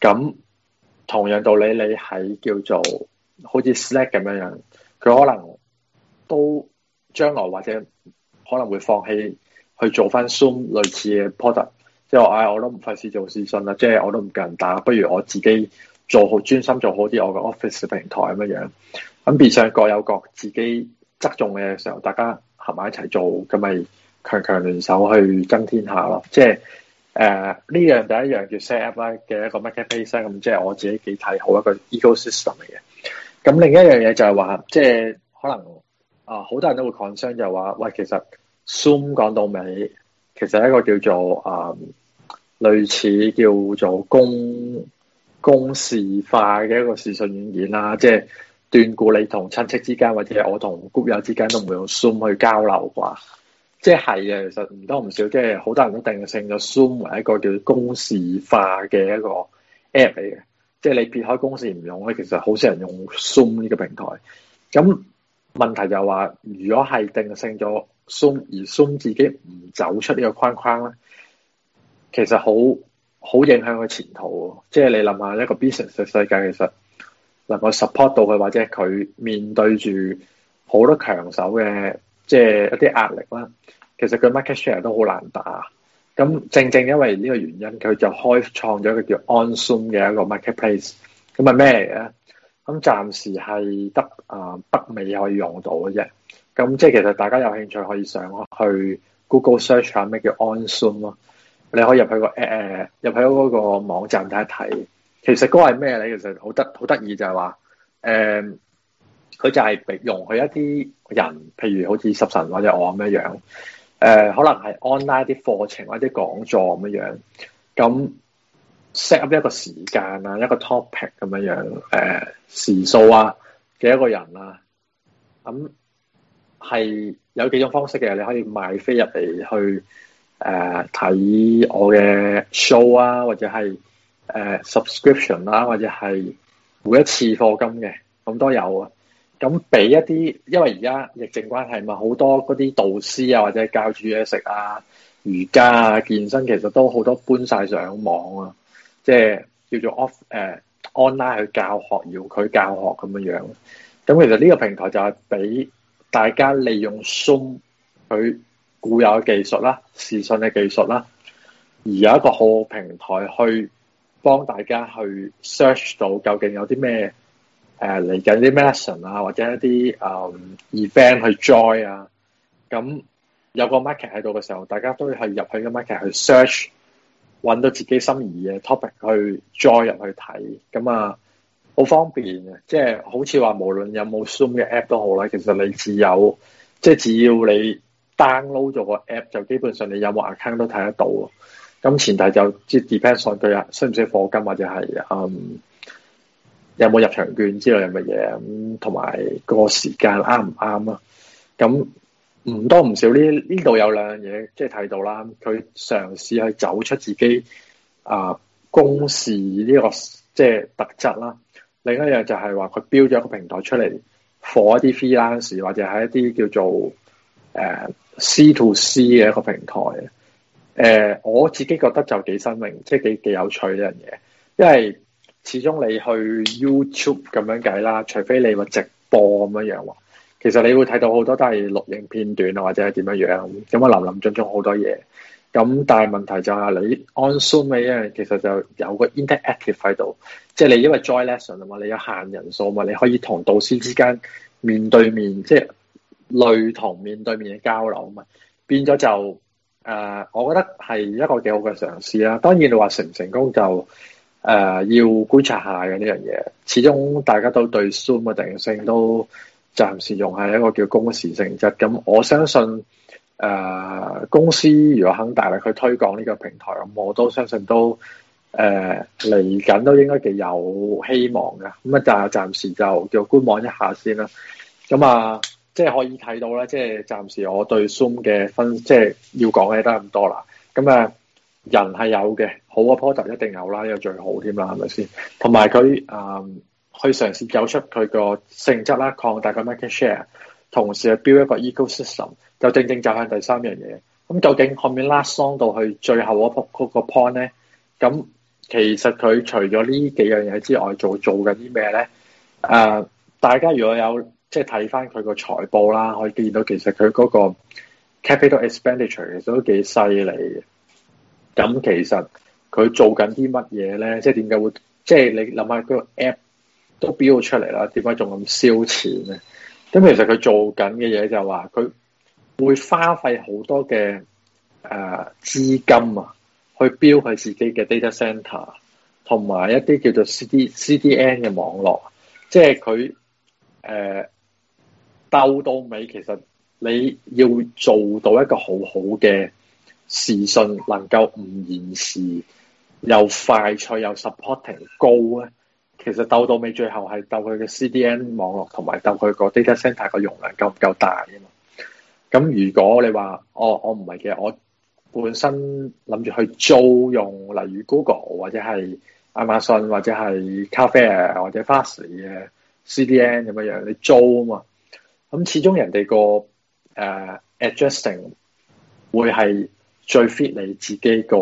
咁同樣道理，你喺叫做好似 Slack 咁樣樣，佢可能都將來或者可能會放棄去做翻 Zoom 類似嘅 product，即係我唉我都唔費事做視訊啦，即係我都唔夠人打，不如我自己做好專心做好啲我嘅 office 平台咁樣樣，咁變相各有各自己側重嘅時候，大家合埋一齊做咁咪。強強聯手去爭天下咯，即係誒呢樣第一樣叫 set up 啦嘅一個,個 market place 啦，咁即係我自己幾睇好一個 ecosystem 嚟嘅。咁另一樣嘢就係話，即係可能啊，好、呃、多人都會 concern 就係話，喂，其實 Zoom 講到尾，其實一個叫做啊、呃，類似叫做公公事化嘅一個視訊軟件啦，即係斷估你同親戚之間或者我同 group 友之間都唔會用 Zoom 去交流啩。即係啊，其實唔多唔少，即係好多人都定性咗 Zoom 為一個叫公事化嘅一個 app 嚟嘅，即係你撇開公事唔用咧，其實好少人用 Zoom 呢個平台。咁問題就話，如果係定性咗 Zoom 而 Zoom 自己唔走出呢個框框咧，其實好好影響佢前途。即係你諗下，一個 business 嘅世界，其實能夠 support 到佢，或者佢面對住好多強手嘅。即係一啲壓力啦，其實佢 market share 都好難打，咁正正因為呢個原因，佢就開創咗一個叫 OnZoom 嘅一個 marketplace，咁係咩嚟嘅？咁暫時係得啊北美可以用到嘅啫，咁即係其實大家有興趣可以上去 Google search 下咩叫 OnZoom 咯，你可以入去、嗰個 app 入去嗰個網站睇一睇，其實嗰個係咩咧？其實好得好得意就係話，誒、嗯。佢就係容許一啲人，譬如好似十神或者我咁樣，誒、呃、可能係 online 啲課程或者講座咁樣，咁 set up 一個時間啊，一個 topic 咁樣樣，誒、呃、時數啊，幾多個人啊，咁、嗯、係有幾種方式嘅，你可以買飛入嚟去誒睇、呃、我嘅 show 啊，或者係誒、呃、subscription 啦、啊，或者係每一次課金嘅，咁都有啊。咁俾一啲，因為而家疫症關係嘛，好多嗰啲導師啊，或者教煮嘢食啊、瑜伽啊、健身，其實都好多都搬晒上網啊，即係叫做 off 誒、uh, online 去教學、要佢教學咁樣樣。咁其實呢個平台就係俾大家利用 Zoom 佢固有嘅技術啦、視訊嘅技術啦，而有一個好好平台去幫大家去 search 到究竟有啲咩？誒嚟緊啲 mansion 啊，或者一啲誒、um, event 去 join 啊，咁有個 market 喺度嘅時候，大家都係入去個 market 去 search，揾到自己心儀嘅 topic 去 join 入去睇，咁啊好方便嘅、啊，即係好似話無論有冇 Zoom 嘅 app 都好啦，其實你只有即係只要你 download 咗個 app，就基本上你有冇 account 都睇得到，咁前提就即 depends on 佢啊，需唔需要課金或者係誒？Um, 有冇入場券之類有乜嘢咁，同埋個時間啱唔啱啊？咁唔多唔少呢？呢度有兩樣嘢，即係睇到啦。佢嘗試去走出自己啊、呃、公示呢、呢個即係特質啦。另一樣就係話佢 build 咗一個平台出嚟，for 一啲 freelance 或者係一啲叫做誒、呃、C to C 嘅一個平台。誒、呃，我自己覺得就幾新穎，即係幾幾有趣呢樣嘢，因為。始終你去 YouTube 咁樣計啦，除非你話直播咁樣樣，其實你會睇到好多都係錄影片段啊，或者係點樣樣，咁啊，林林總總好多嘢。咁但係問題就係你 On Zoom 嘅一樣，其實就有個 Interactive 喺度，即係你因為 join lesson 啊嘛，你有限人數啊嘛，你可以同導師之間面對面，即係類同面對面嘅交流啊嘛，變咗就誒、呃，我覺得係一個幾好嘅嘗試啦。當然你話成唔成功就。誒、呃、要觀察下嘅呢樣嘢，始終大家都對 Zoom 嘅定性都暫時用係一個叫公事性質。咁我相信誒、呃、公司如果肯大力去推廣呢個平台，咁我都相信都誒嚟緊都應該幾有希望嘅。咁啊，但係暫時就叫觀望一下先啦。咁啊，即係可以睇到咧，即係暫時我對 Zoom 嘅分，即係要講嘅得咁多啦。咁啊。人係有嘅好嘅 product 一定有啦，呢個最好添，嗯、啦，係咪先？同埋佢誒去嘗試走出佢個性質啦，擴大個 market share，同時係 build 一個 ecosystem，就正正就向第三樣嘢。咁、嗯、究竟後面 last long 到去最後嗰鋪個 point 咧？咁、嗯、其實佢除咗呢幾樣嘢之外，做做緊啲咩咧？誒、呃，大家如果有即係睇翻佢個財報啦，可以見到其實佢嗰個 capital expenditure 其實都幾犀利嘅。咁其實佢做緊啲乜嘢咧？即係點解會？即係你諗下佢個 app 都標到出嚟啦，點解仲咁燒錢咧？咁其實佢做緊嘅嘢就係話，佢會花費好多嘅誒資金啊，去標佢自己嘅 data center 同埋一啲叫做 CD CDN 嘅網絡。即係佢誒兜到尾，其實你要做到一個好好嘅。時訊能夠唔延時又快脆又 supporting 高咧，其實鬥到尾最後係鬥佢嘅 CDN 網絡同埋鬥佢個 data centre e 個容量夠唔夠大啊？嘛咁如果你話、哦、我我唔係嘅，我本身諗住去租用，例如 Google 或者係 Amazon 或者係 Cloudflare 或者 Fastly 嘅 CDN 咁樣樣，你租啊嘛咁，始終人哋個誒 adjusting 會係。最 fit 你自己個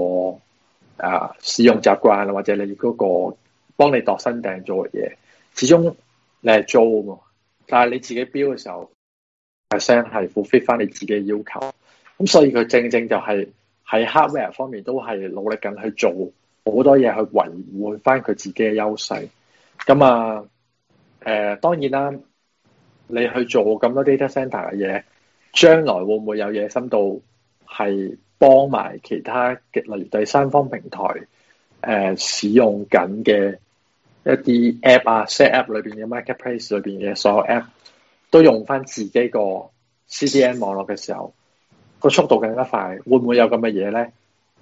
啊使用習慣，或者你嗰個幫你度身訂做嘅嘢，始終你係租嘛，但係你自己標嘅時候 percent 係 fulfill 翻你自己嘅要求，咁所以佢正正就係、是、喺 hardware 方面都係努力緊去做好多嘢去維護翻佢自己嘅優勢。咁啊誒、呃，當然啦，你去做咁多 data center 嘅嘢，將來會唔會有野心到係？幫埋其他嘅，例如第三方平台，誒、呃、使用緊嘅一啲 App 啊，set App 裏邊嘅 Marketplace 裏邊嘅所有 App，都用翻自己個 CDN 網絡嘅時候，個速度更加快，會唔會有咁嘅嘢咧？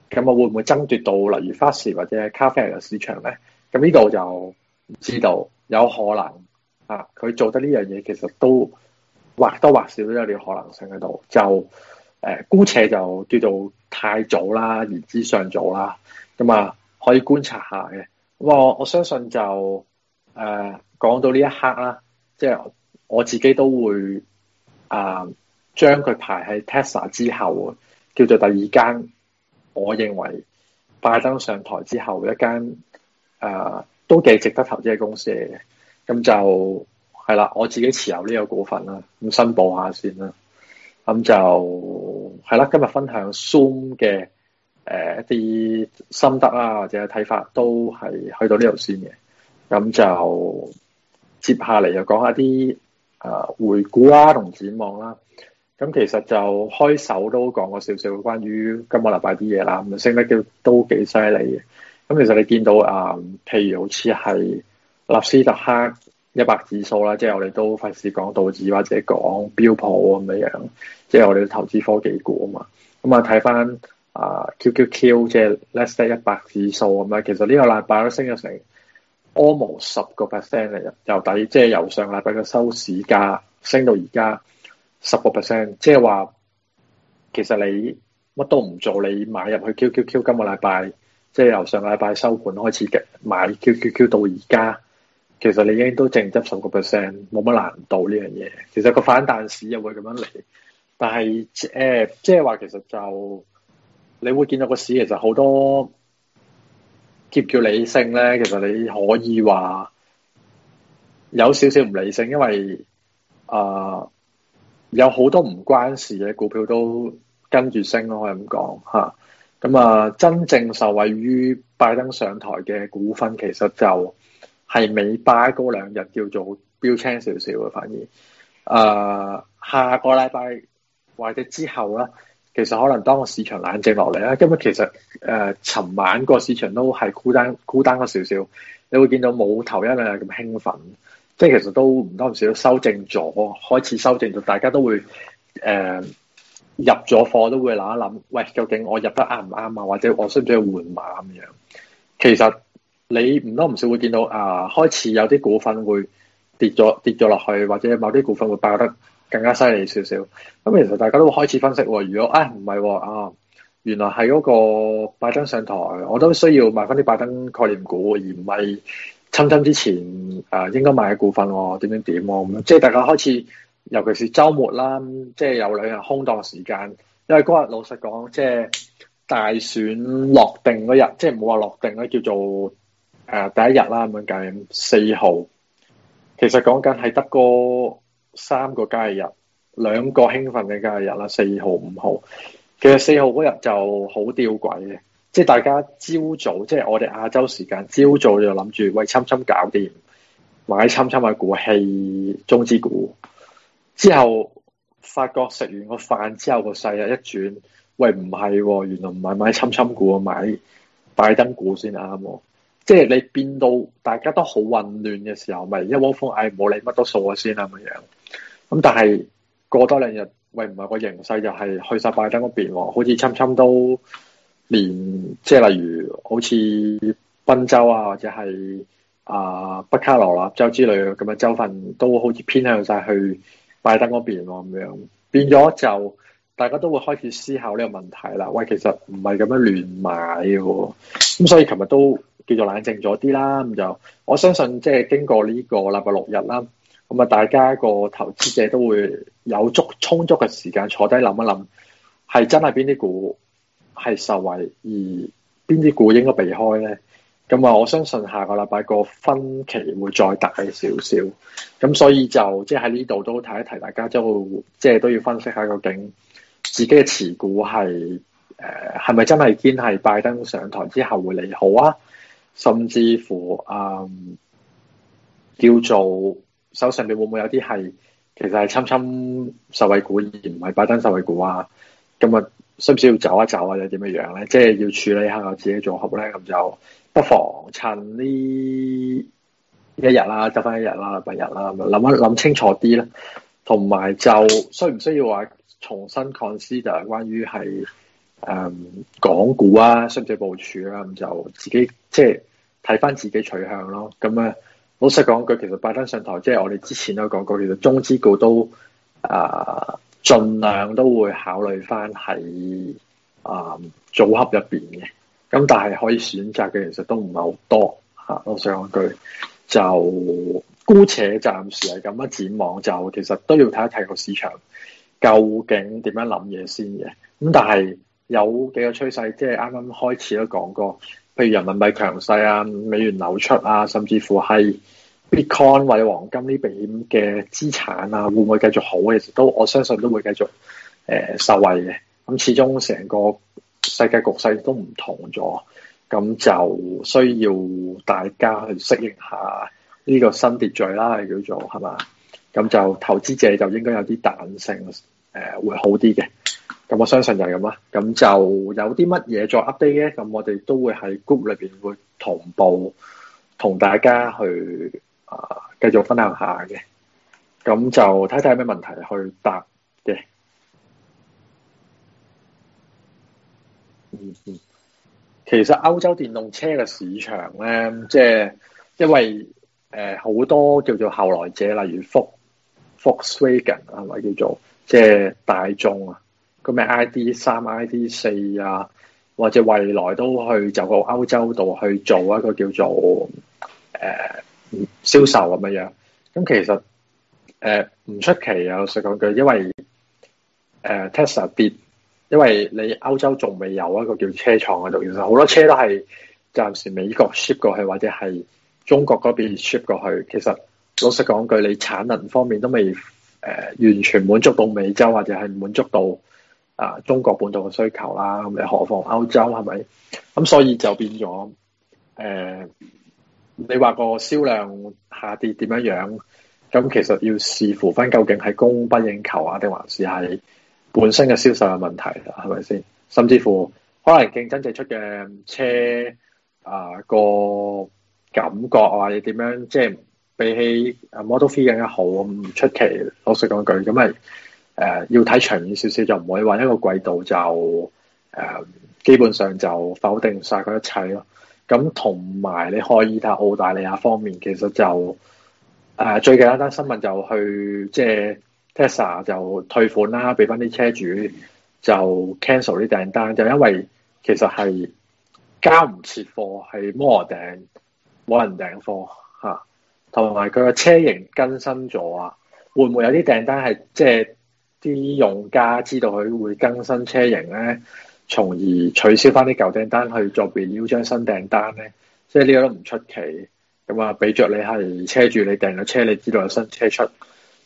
咁我會唔會爭奪到例如 Fast 或者 Cafe 嘅市場咧？咁呢度就唔知道，有可能啊，佢做得呢樣嘢其實都或多或少都有啲可能性喺度，就。誒、呃、姑且就叫做太早啦，言之尚早啦，咁啊可以觀察下嘅。咁我我相信就誒講、呃、到呢一刻啦，即、就、係、是、我自己都會啊將佢排喺 Tesla 之後，叫做第二間我認為拜登上台之後一間誒、呃、都幾值得投資嘅公司嚟嘅。咁就係啦，我自己持有呢個股份啦，咁申報下先啦。咁就。係啦，今日分享 Zoom 嘅誒一、呃、啲心得啊，或者睇法都係去到呢度先嘅。咁就接下嚟就講下啲誒回顧啊同展望啦、啊。咁其實就開首都講過少少關於今個禮拜啲嘢啦，咁升得叫都幾犀利嘅。咁其實你見到啊，譬、呃、如好似係納斯達克。一百指數啦，即係我哋都費事講道指或者講標普咁樣，即係我哋投資科技股啊嘛。咁啊，睇翻啊 QQQ 即係 Let's say 一百指數咁樣，其實呢個禮拜都升咗成 almost 十個 percent 嚟，由底即係、就是、由上禮拜嘅收市價升到而家十個 percent。即係話其實你乜都唔做，你買入去 QQQ，今個禮拜即係由上禮拜收盤開始嘅買 QQQ 到而家。其實你已經都淨執十個 percent，冇乜難度呢樣嘢。其實個反彈市又會咁樣嚟，但係誒，即係話其實就你會見到個市，其實好多貼叫理性咧。其實你可以話有少少唔理性，因為啊、呃、有好多唔關事嘅股票都跟住升咯，我可以咁講吓。咁啊，真正受惠於拜登上台嘅股份，其實就。係尾巴嗰兩日叫做標青少少嘅，反而誒、呃、下個禮拜或者之後咧，其實可能當個市場冷靜落嚟，咧因為其實誒，尋、呃、晚個市場都係孤單孤單咗少少，你會見到冇頭一兩日咁興奮，即係其實都唔多唔少修正咗，開始修正咗。大家都會誒、呃、入咗貨都會諗一諗，喂，究竟我入得啱唔啱啊？或者我需唔需要換碼咁樣？其實。你唔多唔少會見到啊，開始有啲股份會跌咗跌咗落去，或者某啲股份會爆得更加犀利少少。咁、嗯、其實大家都開始分析，如果啊唔係啊，原來係嗰個拜登上台，我都需要買翻啲拜登概念股，而唔係侵侵之前啊應該買嘅股份，哦，點點點咁，即係大家開始，尤其是周末啦，即係有兩日空檔時間。因為嗰日老實講，即係大選落定嗰日，即係唔好話落定啦，叫做。誒、啊，第一日啦，咁樣計，四號，其實講緊係得個三個交易日，兩個興奮嘅交易日啦，四號、五號。其實四號嗰日就好吊詭嘅，即係大家朝早，早，即係我哋亞洲時間朝早，早就諗住喂，侵侵搞掂，買侵侵嘅股棄中資股。之後發覺食完個飯之後個勢日一轉，喂唔係、哦，原來唔係買侵侵股，買拜登股先啱。即係你變到大家都好混亂嘅時候，咪一窩蜂，嗌、哎冇理乜都數我先啊，咁樣。咁但係過多兩日，喂唔係，個形勢就係去晒拜登嗰邊喎，好似侵侵都連即係例如好似賓州啊，或者係啊北卡羅納州之類咁嘅州份都好似偏向晒去拜登嗰邊咁樣。變咗就大家都會開始思考呢個問題啦。喂，其實唔係咁樣亂買嘅，咁所以琴日都，叫做冷靜咗啲啦，咁就我相信即係經過呢個禮拜六日啦，咁啊大家個投資者都會有足充足嘅時間坐低諗一諗，係真係邊啲股係受惠，而邊啲股應該避開咧。咁啊，我相信下個禮拜個分歧會再大少少，咁所以就即係喺呢度都提一提，大家即係即係都要分析下究竟，自己嘅持股係誒係咪真係堅係拜登上台之後會利好啊？甚至乎啊、嗯，叫做手上面會唔會有啲係其實係侵侵受惠股而唔係拜登受惠股啊？咁啊，需唔需要走一走啊，或者點樣樣咧？即係要處理下我自己組合咧，咁就不妨趁呢一日啦，得翻一日啦，明日啦咁樣，諗一諗清楚啲咧。同埋就需唔需要話重新構思，就係關於係。誒，um, 港股啊，實際部署啊，咁就自己即係睇翻自己取向咯。咁、嗯啊，嗯、啊，老實講句，其實拜登上台，即係我哋之前都講過，其實中資股都誒盡量都會考慮翻喺啊組合入邊嘅。咁但係可以選擇嘅，其實都唔係好多吓。老實講句，就姑且暫時係咁樣。展望就其實都要睇一睇個市場究竟點樣諗嘢先嘅。咁、嗯、但係。有幾個趨勢，即係啱啱開始都講過，譬如人民幣強勢啊、美元流出啊，甚至乎係 Bitcoin 或者黃金呢邊嘅資產啊，會唔會繼續好？其實都我相信都會繼續誒、呃、受惠嘅。咁始終成個世界局勢都唔同咗，咁就需要大家去適應下呢個新秩序啦，係叫做係嘛？咁就投資者就應該有啲彈性誒、呃，會好啲嘅。咁我相信就係咁啦，咁就有啲乜嘢再 update 咧，咁我哋都會喺 group 裏邊會同步同大家去啊，呃、繼續分享下嘅。咁就睇睇有咩問題去答嘅。嗯嗯，其實歐洲電動車嘅市場咧，即係因為誒好多叫做後來者，例如 Fox Volkswagen 係咪叫做即係大眾啊？個咩 ID 三、ID 四啊，或者未來都去就個歐洲度去做一個叫做誒銷、呃、售咁樣。咁其實誒唔、呃、出奇啊，老實講句，因為誒、呃、Tesla 跌，因為你歐洲仲未有一個叫車廠喺度，其實好多車都係暫時美國 ship 過去或者係中國嗰邊 ship 過去。其實老實講句，你產能方面都未誒、呃、完全滿足到美洲，或者係滿足到。啊，中國本土嘅需求啦，咁你何況歐洲係咪？咁、啊、所以就變咗，誒、呃，你話個銷量下跌點樣樣？咁、嗯、其實要視乎返究竟係供不應求啊，定還是係本身嘅銷售嘅問題，係咪先？甚至乎可能競爭者出嘅車啊，個感覺或者點樣，即、就、係、是、比起 Model 3更加好，唔、嗯、出奇。老實講句咁咪。誒、呃、要睇長遠少少，就唔可以話一個季度就誒、呃、基本上就否定晒佢一切咯。咁同埋你開意大利澳大利亞方面，其實就誒、呃、最近一單新聞就去即係 Tesla 就退款啦，俾翻啲車主就 cancel 啲訂單，就因為其實係交唔切貨，係冇人訂冇人訂貨嚇，同埋佢個車型更新咗啊，會唔會有啲訂單係即係？啲用家知道佢會更新車型咧，從而取消翻啲舊訂單，去作別要張新訂單咧，即係呢個都唔出奇。咁啊，比着你係車主，你訂咗車，你知道有新車出，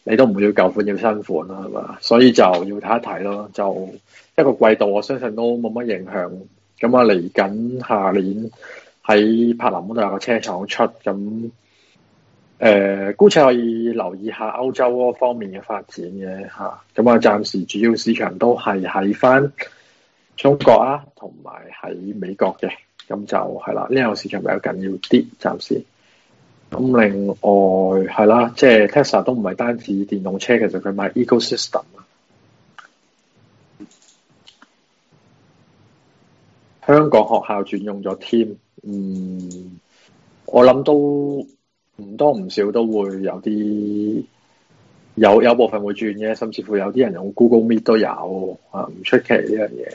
你都唔會要舊款要新款啦，係嘛？所以就要睇一睇咯。就一個季度，我相信都冇乜影響。咁啊，嚟緊下年喺柏林度有個車廠出咁。誒，姑且、呃、可以留意下歐洲方面嘅發展嘅嚇，咁啊，我暫時主要市場都係喺翻中國啊，同埋喺美國嘅，咁就係啦，呢兩個市場比較緊要啲，暫時。咁另外係啦，即係 Tesla 都唔係單止電動車，其實佢賣 ecosystem 啊。香港學校轉用咗添，嗯，我諗都。唔多唔少都會有啲有有部分會轉嘅，甚至乎有啲人用 Google Meet 都有，啊，唔出奇呢樣嘢。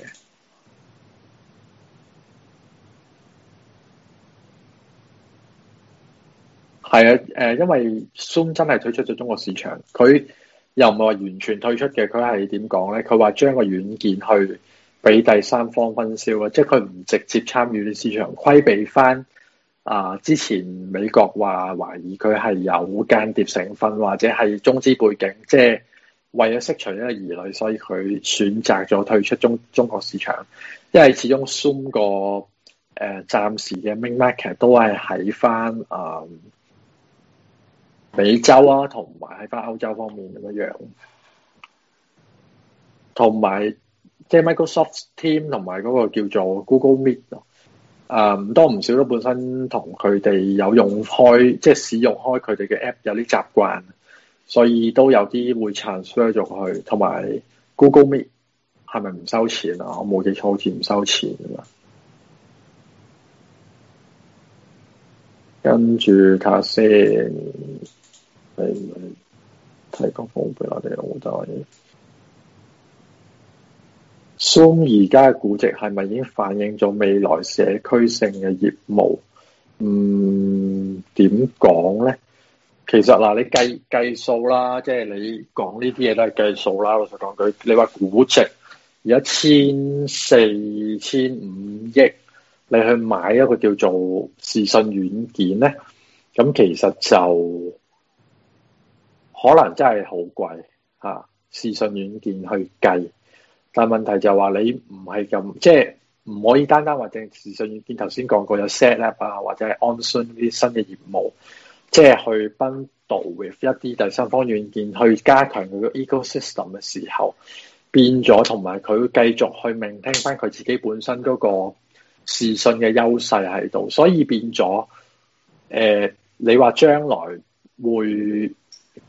係啊，誒，因為 Zoom 真係退出咗中國市場，佢又唔係話完全退出嘅，佢係點講咧？佢話將個軟件去俾第三方分銷啊，即係佢唔直接參與啲市場，規避翻。啊！之前美國話懷疑佢係有間諜成分或者係中資背景，即、就、係、是、為咗消除呢個疑慮，所以佢選擇咗退出中中國市場。因為始終 Zoom 個誒、呃、暫時嘅 main market 都係喺翻啊美洲啊，同埋喺翻歐洲方面咁樣，同埋即係 Microsoft Teams 同埋嗰個叫做 Google Meet。啊，唔、um，多唔少都本身同佢哋有用開，即、就、係、是、使用開佢哋嘅 app 有啲習慣，所以都有啲會撐 share 咗去，同埋 Google Meet 係咪唔收錢啊？我冇記錯好似唔收錢㗎。跟住，睇下先，係咪泰國方我哋好。就係？Zoom 而家嘅估值係咪已經反映咗未來社區性嘅業務？嗯，點講咧？其實嗱，你計計數啦，即係你講呢啲嘢都係計數啦。老實講句，你話估值而家千四千五億，你去買一個叫做視訊軟件咧，咁其實就可能真係好貴嚇、啊。視訊軟件去計。但問題就係話你唔係咁，即係唔可以單單話淨係視訊軟件，頭先講過有 set up 啊，或者係 OnZoom 呢啲新嘅業務，即係去 bundle with 一啲第三方軟件去加強佢個 ecosystem 嘅時候，變咗同埋佢繼續去 maintain 返佢自己本身嗰個視訊嘅優勢喺度，所以變咗誒、呃，你話將來會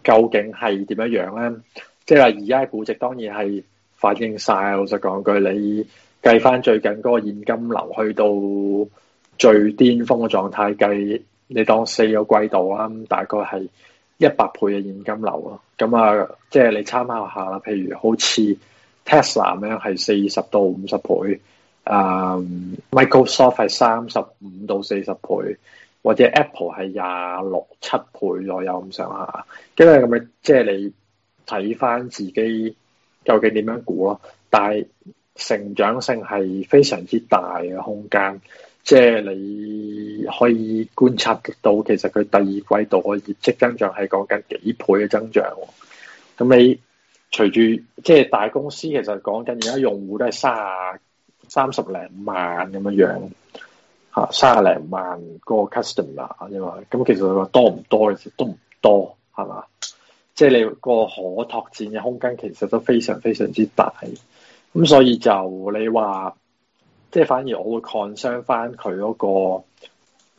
究竟係點樣樣咧？即係話而家嘅估值當然係。反映曬啊，老實講句，你計翻最近嗰個現金流去到最巔峰嘅狀態，計你當四個季度啊，大概係一百倍嘅現金流啊。咁啊，即係你參考下啦。譬如好似 Tesla 咁樣係四十到五十倍，啊、um, Microsoft 係三十五到四十倍，或者 Apple 係廿六七倍左右咁上下。因為咁嘅，即係你睇翻自己。究竟點樣估咯？但係成長性係非常之大嘅空間，即係你可以觀察到，其實佢第二季度個業績增長係講緊幾倍嘅增長。咁你隨住即係大公司，其實講緊而家用戶都係卅三十零萬咁樣樣，吓卅零萬個 customer 啫嘛。咁其實佢話多唔多，其實都唔多，係嘛？即係你個可拓展嘅空間其實都非常非常之大，咁所以就你話，即係反而我會 concern 翻佢嗰個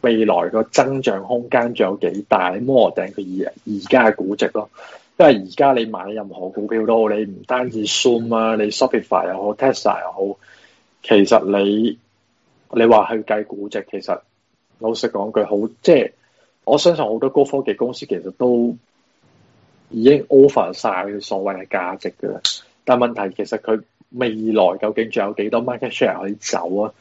未來個增長空間仲有幾大？摩爾頂佢而而家嘅估值咯，因為而家你買任何股票都好，你唔單止 Zoom 啊，你 Shopify 又好，Tesla 又好，其實你你話去計估值，其實老實講句好，即係我相信好多高科技公司其實都。已經 over 晒所謂嘅價值噶啦，但係問題其實佢未來究竟仲有幾多 market share 可以走啊？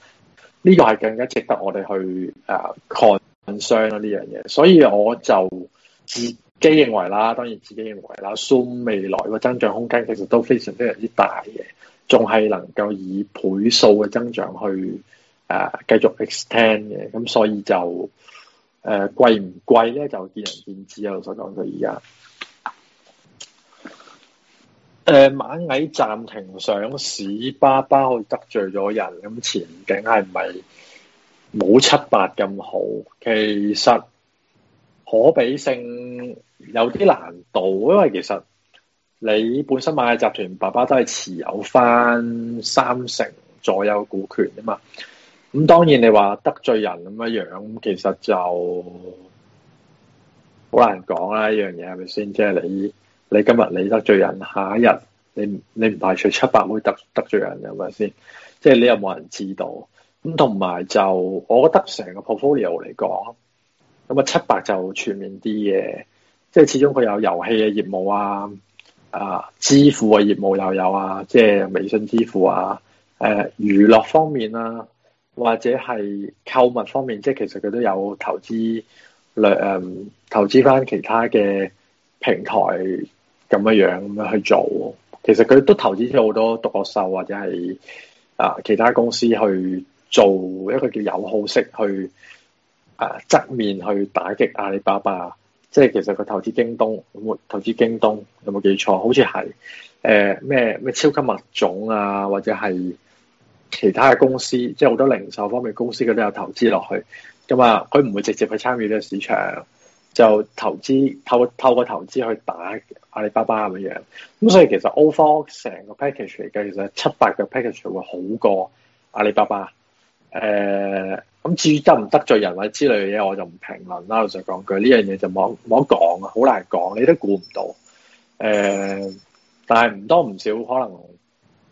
呢個係更加值得我哋去誒 consider 啊。呢樣嘢，所以我就自己認為啦，當然自己認為啦，Zoom 未來個增長空間其實都非常非常之大嘅，仲係能夠以倍數嘅增長去誒繼續 extend 嘅，咁所以就誒貴唔貴咧，就見仁見智啊。所講到而家。誒，螞蟻暫停上市，爸爸好似得罪咗人，咁前景係咪冇七八咁好？其實可比性有啲難度，因為其實你本身螞蟻集團爸爸都係持有翻，三成左右股權啊嘛，咁當然你話得罪人咁樣樣，其實就好難講啦，呢樣嘢係咪先？即係你。你今日你得罪人，下一日你你唔排除七百會得得罪人，係咪先？即係你有冇人知道。咁同埋就，我覺得成個 portfolio 嚟講，咁啊七百就全面啲嘅，即係始終佢有遊戲嘅業務啊，啊支付嘅業務又有啊，即係微信支付啊，誒娛樂方面啊，或者係購物方面，即係其實佢都有投資兩誒投資翻其他嘅平台。咁樣樣咁樣去做，其實佢都投資咗好多獨角獸或者係啊其他公司去做一個叫有好式去啊側面去打擊阿里巴巴，即係其實佢投資京東，冇投資京東，有冇記錯？好似係誒咩咩超級物種啊，或者係其他嘅公司，即係好多零售方面公司佢都有投資落去咁嘛，佢唔會直接去參與呢個市場。就投資透過透過投資去打阿里巴巴咁樣樣，咁所以其實 All For 成個 package 嚟嘅，其實七八個 package 會好過阿里巴巴。誒、呃，咁至於得唔得罪人或者之類嘅嘢，我就唔評論啦。老實講句，呢樣嘢就冇冇得講，好難講，你都估唔到。誒、呃，但係唔多唔少，可能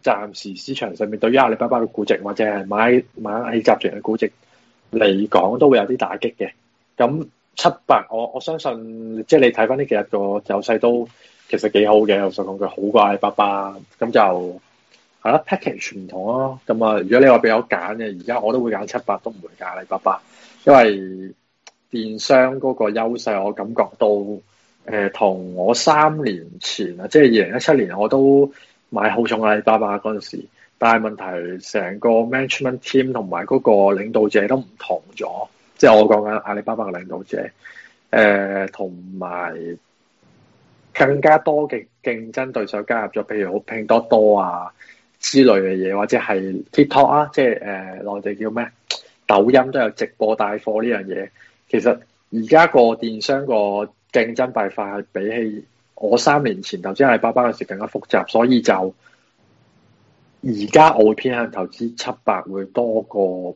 暫時市場上面對於阿里巴巴嘅估值或者係買買起集團嘅估值嚟講，都會有啲打擊嘅。咁七百，我我相信，即係你睇翻呢幾日個走勢都其實幾好嘅，我想講句，好過阿里巴巴。咁就係啦，package 唔同咯。咁啊，如果你話俾我揀嘅，而家我都會揀七百，都唔會揀阿里巴巴，因為電商嗰個優勢我感覺到，誒、呃，同我三年前啊，即係二零一七年我都買好重阿里巴巴嗰陣時，但係問題成個 management team 同埋嗰個領導者都唔同咗。即係我講緊阿里巴巴嘅領導者，誒、呃，同埋更加多嘅競爭對手加入咗，譬如好拼多多啊之類嘅嘢，或者係 TikTok 啊，即係誒內地叫咩抖音都有直播帶貨呢樣嘢。其實而家個電商個競爭步伐係比起我三年前投資阿里巴巴嘅時更加複雜，所以就而家我會偏向投資七百會多過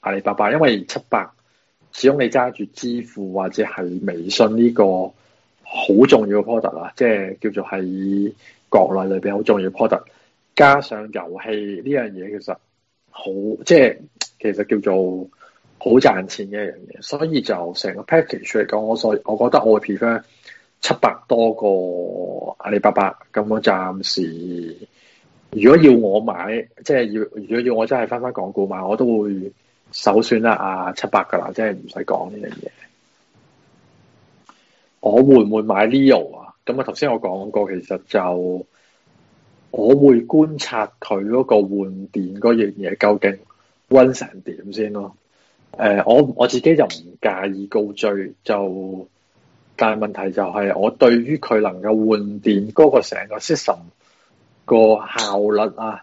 阿里巴巴，因為七百。始終你揸住支付或者係微信呢個好重要嘅 product 啊，即係叫做喺國內裏邊好重要嘅 product，加上遊戲呢樣嘢，其實好，即係其實叫做好賺錢嘅一樣嘢。所以就成個 package 嚟講，我所我覺得我會 prefer 七百多過阿里巴巴。咁我暫時如果要我買，即係要如果要我真係翻翻港股買，我都會。首選啦、啊，七百噶啦，即係唔使講呢樣嘢。我會唔會買 Leo 啊？咁啊，頭先我講過，其實就我會觀察佢嗰個換電嗰樣嘢究竟溫成點先咯。誒、呃，我我自己就唔介意高追，就但係問題就係我對於佢能夠換電嗰個成個 system 個效率啊。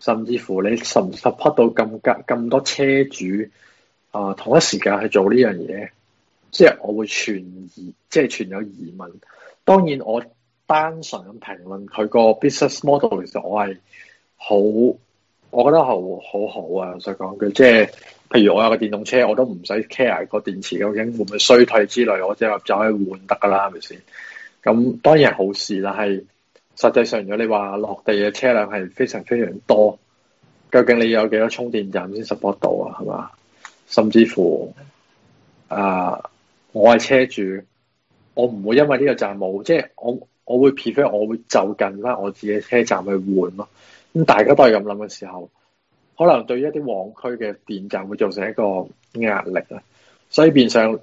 甚至乎你 support 到咁格咁多車主啊、呃、同一時間去做呢樣嘢，即係我會存疑，即係存有疑問。當然我單純咁評論佢個 business model，其實我係好，我覺得好好好啊！想講嘅即係譬如我有個電動車，我都唔使 care 個電池究竟會唔會衰退之類，我只係走去換得噶啦，係咪先？咁當然係好事啦，係。實際上，如果你話落地嘅車輛係非常非常多，究竟你有幾多充電站先 support 到啊？係嘛？甚至乎啊、呃，我係車主，我唔會因為呢個站冇，即係我我會 prefer 我會就近翻我自己嘅車站去換咯。咁、嗯、大家都係咁諗嘅時候，可能對於一啲旺區嘅電站會造成一個壓力咧。所以變相誒、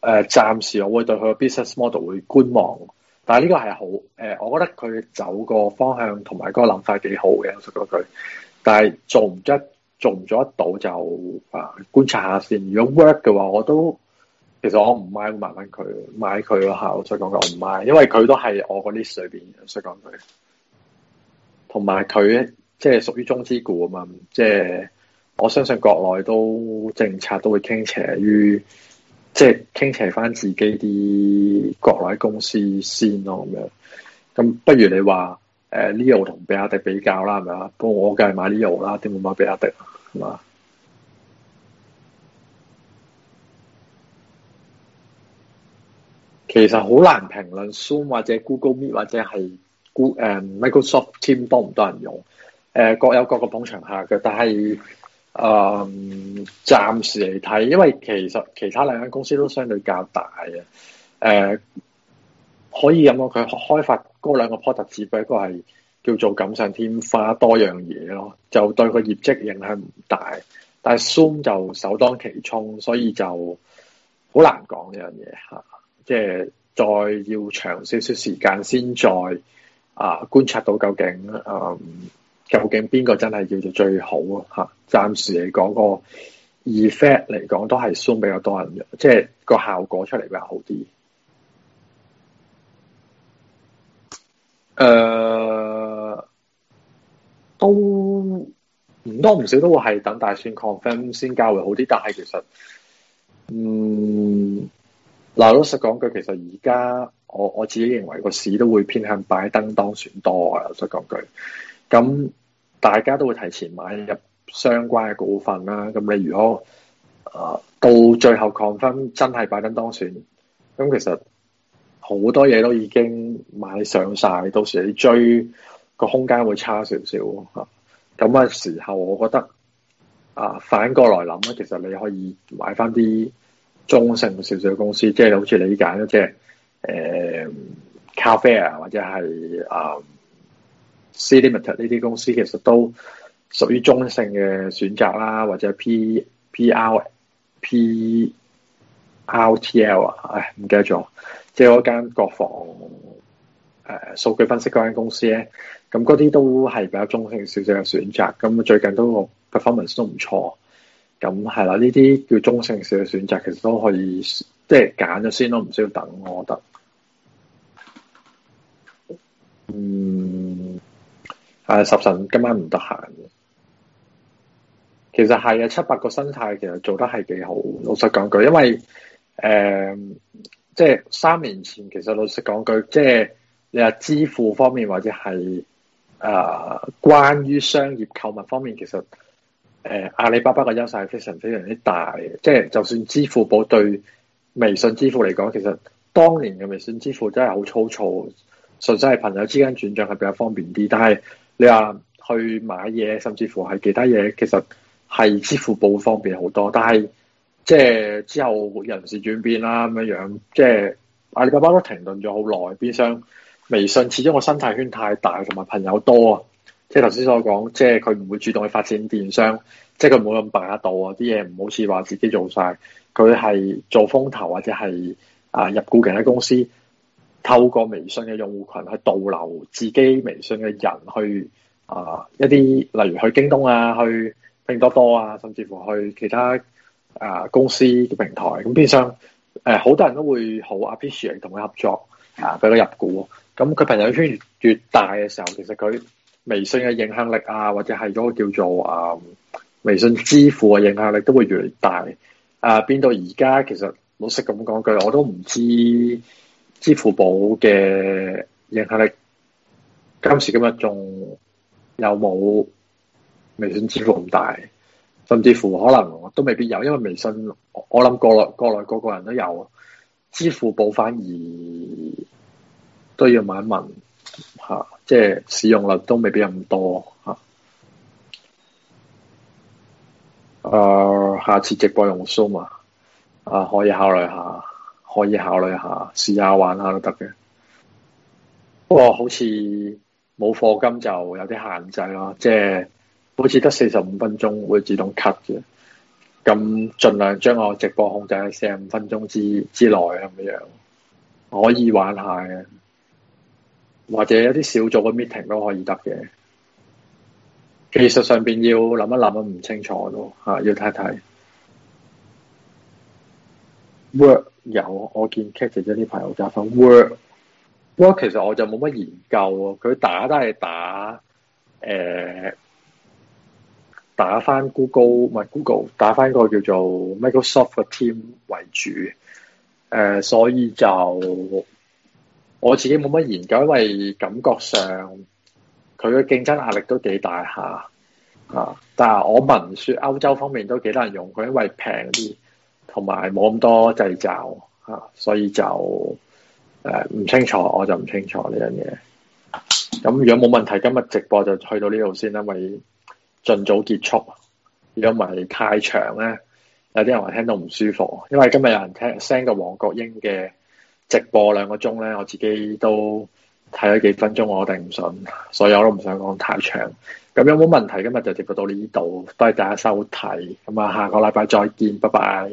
呃，暫時我會對佢個 business model 會觀望。但係呢個係好誒、呃，我覺得佢走個方向同埋嗰個諗法幾好嘅，我講句。但係做唔得做唔做得到就啊，觀察下先。如果 work 嘅話，我都其實我唔買會買翻佢買佢咯吓。我再講句，我唔買，因為佢都係我個 list 上邊。我講佢，同埋佢即係屬於中資股啊嘛，即係我相信國內都政策都會傾斜於。即係傾斜翻自己啲國內公司先咯，咁樣。咁不如你話，誒、呃、Leo 同比亞迪比較啦，係咪啊？不過我梗係買 Leo 啦，點會買比亞迪啊？係嘛？其實好難評論 Zoom 或者 Google Meet 或者係估誒 Microsoft Teams 多唔多人用。誒、呃，各有各嘅捧場客嘅，但係。誒，暫、um, 時嚟睇，因為其實其他兩間公司都相對較大嘅，誒、呃，可以咁講，佢開發嗰兩個 product 只，佢一個係叫做錦上添花，多樣嘢咯，就對個業績影響唔大，但係 Zoom 就首當其衝，所以就好難講呢樣嘢吓、啊，即係再要長少少時間先再啊觀察到究竟誒。啊究竟邊個真係叫做最好啊？嚇、啊，暫時嚟講個 effect 嚟講都係算比較多人用，即係個效果出嚟比較好啲。誒、呃，都唔多唔少都會係等大選 confirm 先較為好啲，但係其實，嗯，嗱，老實講句，其實而家我我自己認為個市都會偏向拜登當選多啊！我老實講句。咁大家都會提前買入相關嘅股份啦、啊。咁你如果啊到最後 confirm 真係拜登當選，咁其實好多嘢都已經買上晒，到時你追個空間會差少少。吓，咁嘅時候，我覺得啊反過來諗咧，其實你可以買翻啲中性少少嘅公司，即係好似你揀即係誒咖啡啊，或者係啊。C Limited 呢啲公司其實都屬於中性嘅選擇啦，或者 P P L P L T L 啊，唉唔記得咗，即係嗰間國防誒數據分析嗰間公司咧，咁嗰啲都係比較中性少少嘅選擇，咁最近都個 performance 都唔錯，咁係啦，呢啲叫中性少少選擇，其實都可以即係揀咗先咯，唔需要等，我覺得，嗯。係十神今晚唔得閒，其實係啊七八個生態，其實做得係幾好。老實講句，因為誒、呃，即係三年前，其實老實講句，即係你話支付方面或者係誒、呃，關於商業購物方面，其實誒、呃、阿里巴巴嘅優勢係非常非常之大嘅。即係就算支付寶對微信支付嚟講，其實當年嘅微信支付真係好粗糙，純粹係朋友之間轉賬係比較方便啲，但係。你話去買嘢，甚至乎係其他嘢，其實係支付寶方便好多。但係即係之後人事轉變啦，咁樣樣，即係阿里巴巴都停頓咗好耐。電商、微信，始終個生態圈太大，同埋朋友多啊。即係頭先所講，即係佢唔會主動去發展電商，即係佢冇咁得到啊，啲嘢唔好似話自己做晒，佢係做風投或者係啊入股其他公司。透過微信嘅用戶群去導流自己微信嘅人去啊、呃、一啲例如去京東啊、去拼多多啊，甚至乎去其他啊、呃、公司嘅平台咁，變相誒好、呃、多人都會好 appreciate 同佢合作啊，俾、呃、佢入股。咁佢朋友圈越，越大嘅時候，其實佢微信嘅影響力啊，或者係嗰個叫做啊、呃、微信支付嘅影響力都會越嚟越大啊、呃。變到而家其實老實咁講句，我都唔知。支付寶嘅影響力今時今日仲有冇微信支付咁大？甚至乎可能都未必有，因為微信我諗國內國內個個人都有，支付寶反而都要問一問吓、啊，即係使用率都未必咁多吓、啊。啊，下次直播用 Zoom 啊，可以考慮下。可以考慮下，試下玩下都得嘅。不過好似冇課金就有啲限制咯，即係好似得四十五分鐘會自動 cut 嘅。咁盡量將我直播控制喺四十五分鐘之之內咁樣樣，可以玩下嘅。或者一啲小組嘅 meeting 都可以得嘅。技術上邊要諗一諗，都唔清楚咯，吓要睇睇 work 有，我見 ChatGPT 呢排又加翻 Word，不過其實我就冇乜研究喎。佢打都係打，誒、呃，打翻 Google 唔係 Google，打翻個叫做 Microsoft 嘅 Team 為主。誒、呃，所以就我自己冇乜研究，因為感覺上佢嘅競爭壓力都幾大下啊。但係我聞說歐洲方面都幾難用，佢因為平啲。同埋冇咁多掣肘嚇，所以就誒唔、呃、清楚，我就唔清楚呢樣嘢。咁如果冇問題，今日直播就去到呢度先啦，因為盡早結束。如果唔係太長咧，有啲人話聽到唔舒服，因為今日有人聽 send 個黃國英嘅直播兩個鐘咧，我自己都睇咗幾分鐘，我都頂唔順，所以我都唔想講太長。咁有冇問題，今日就直播到呢度，多謝大家收睇，咁啊，下個禮拜再見，拜拜。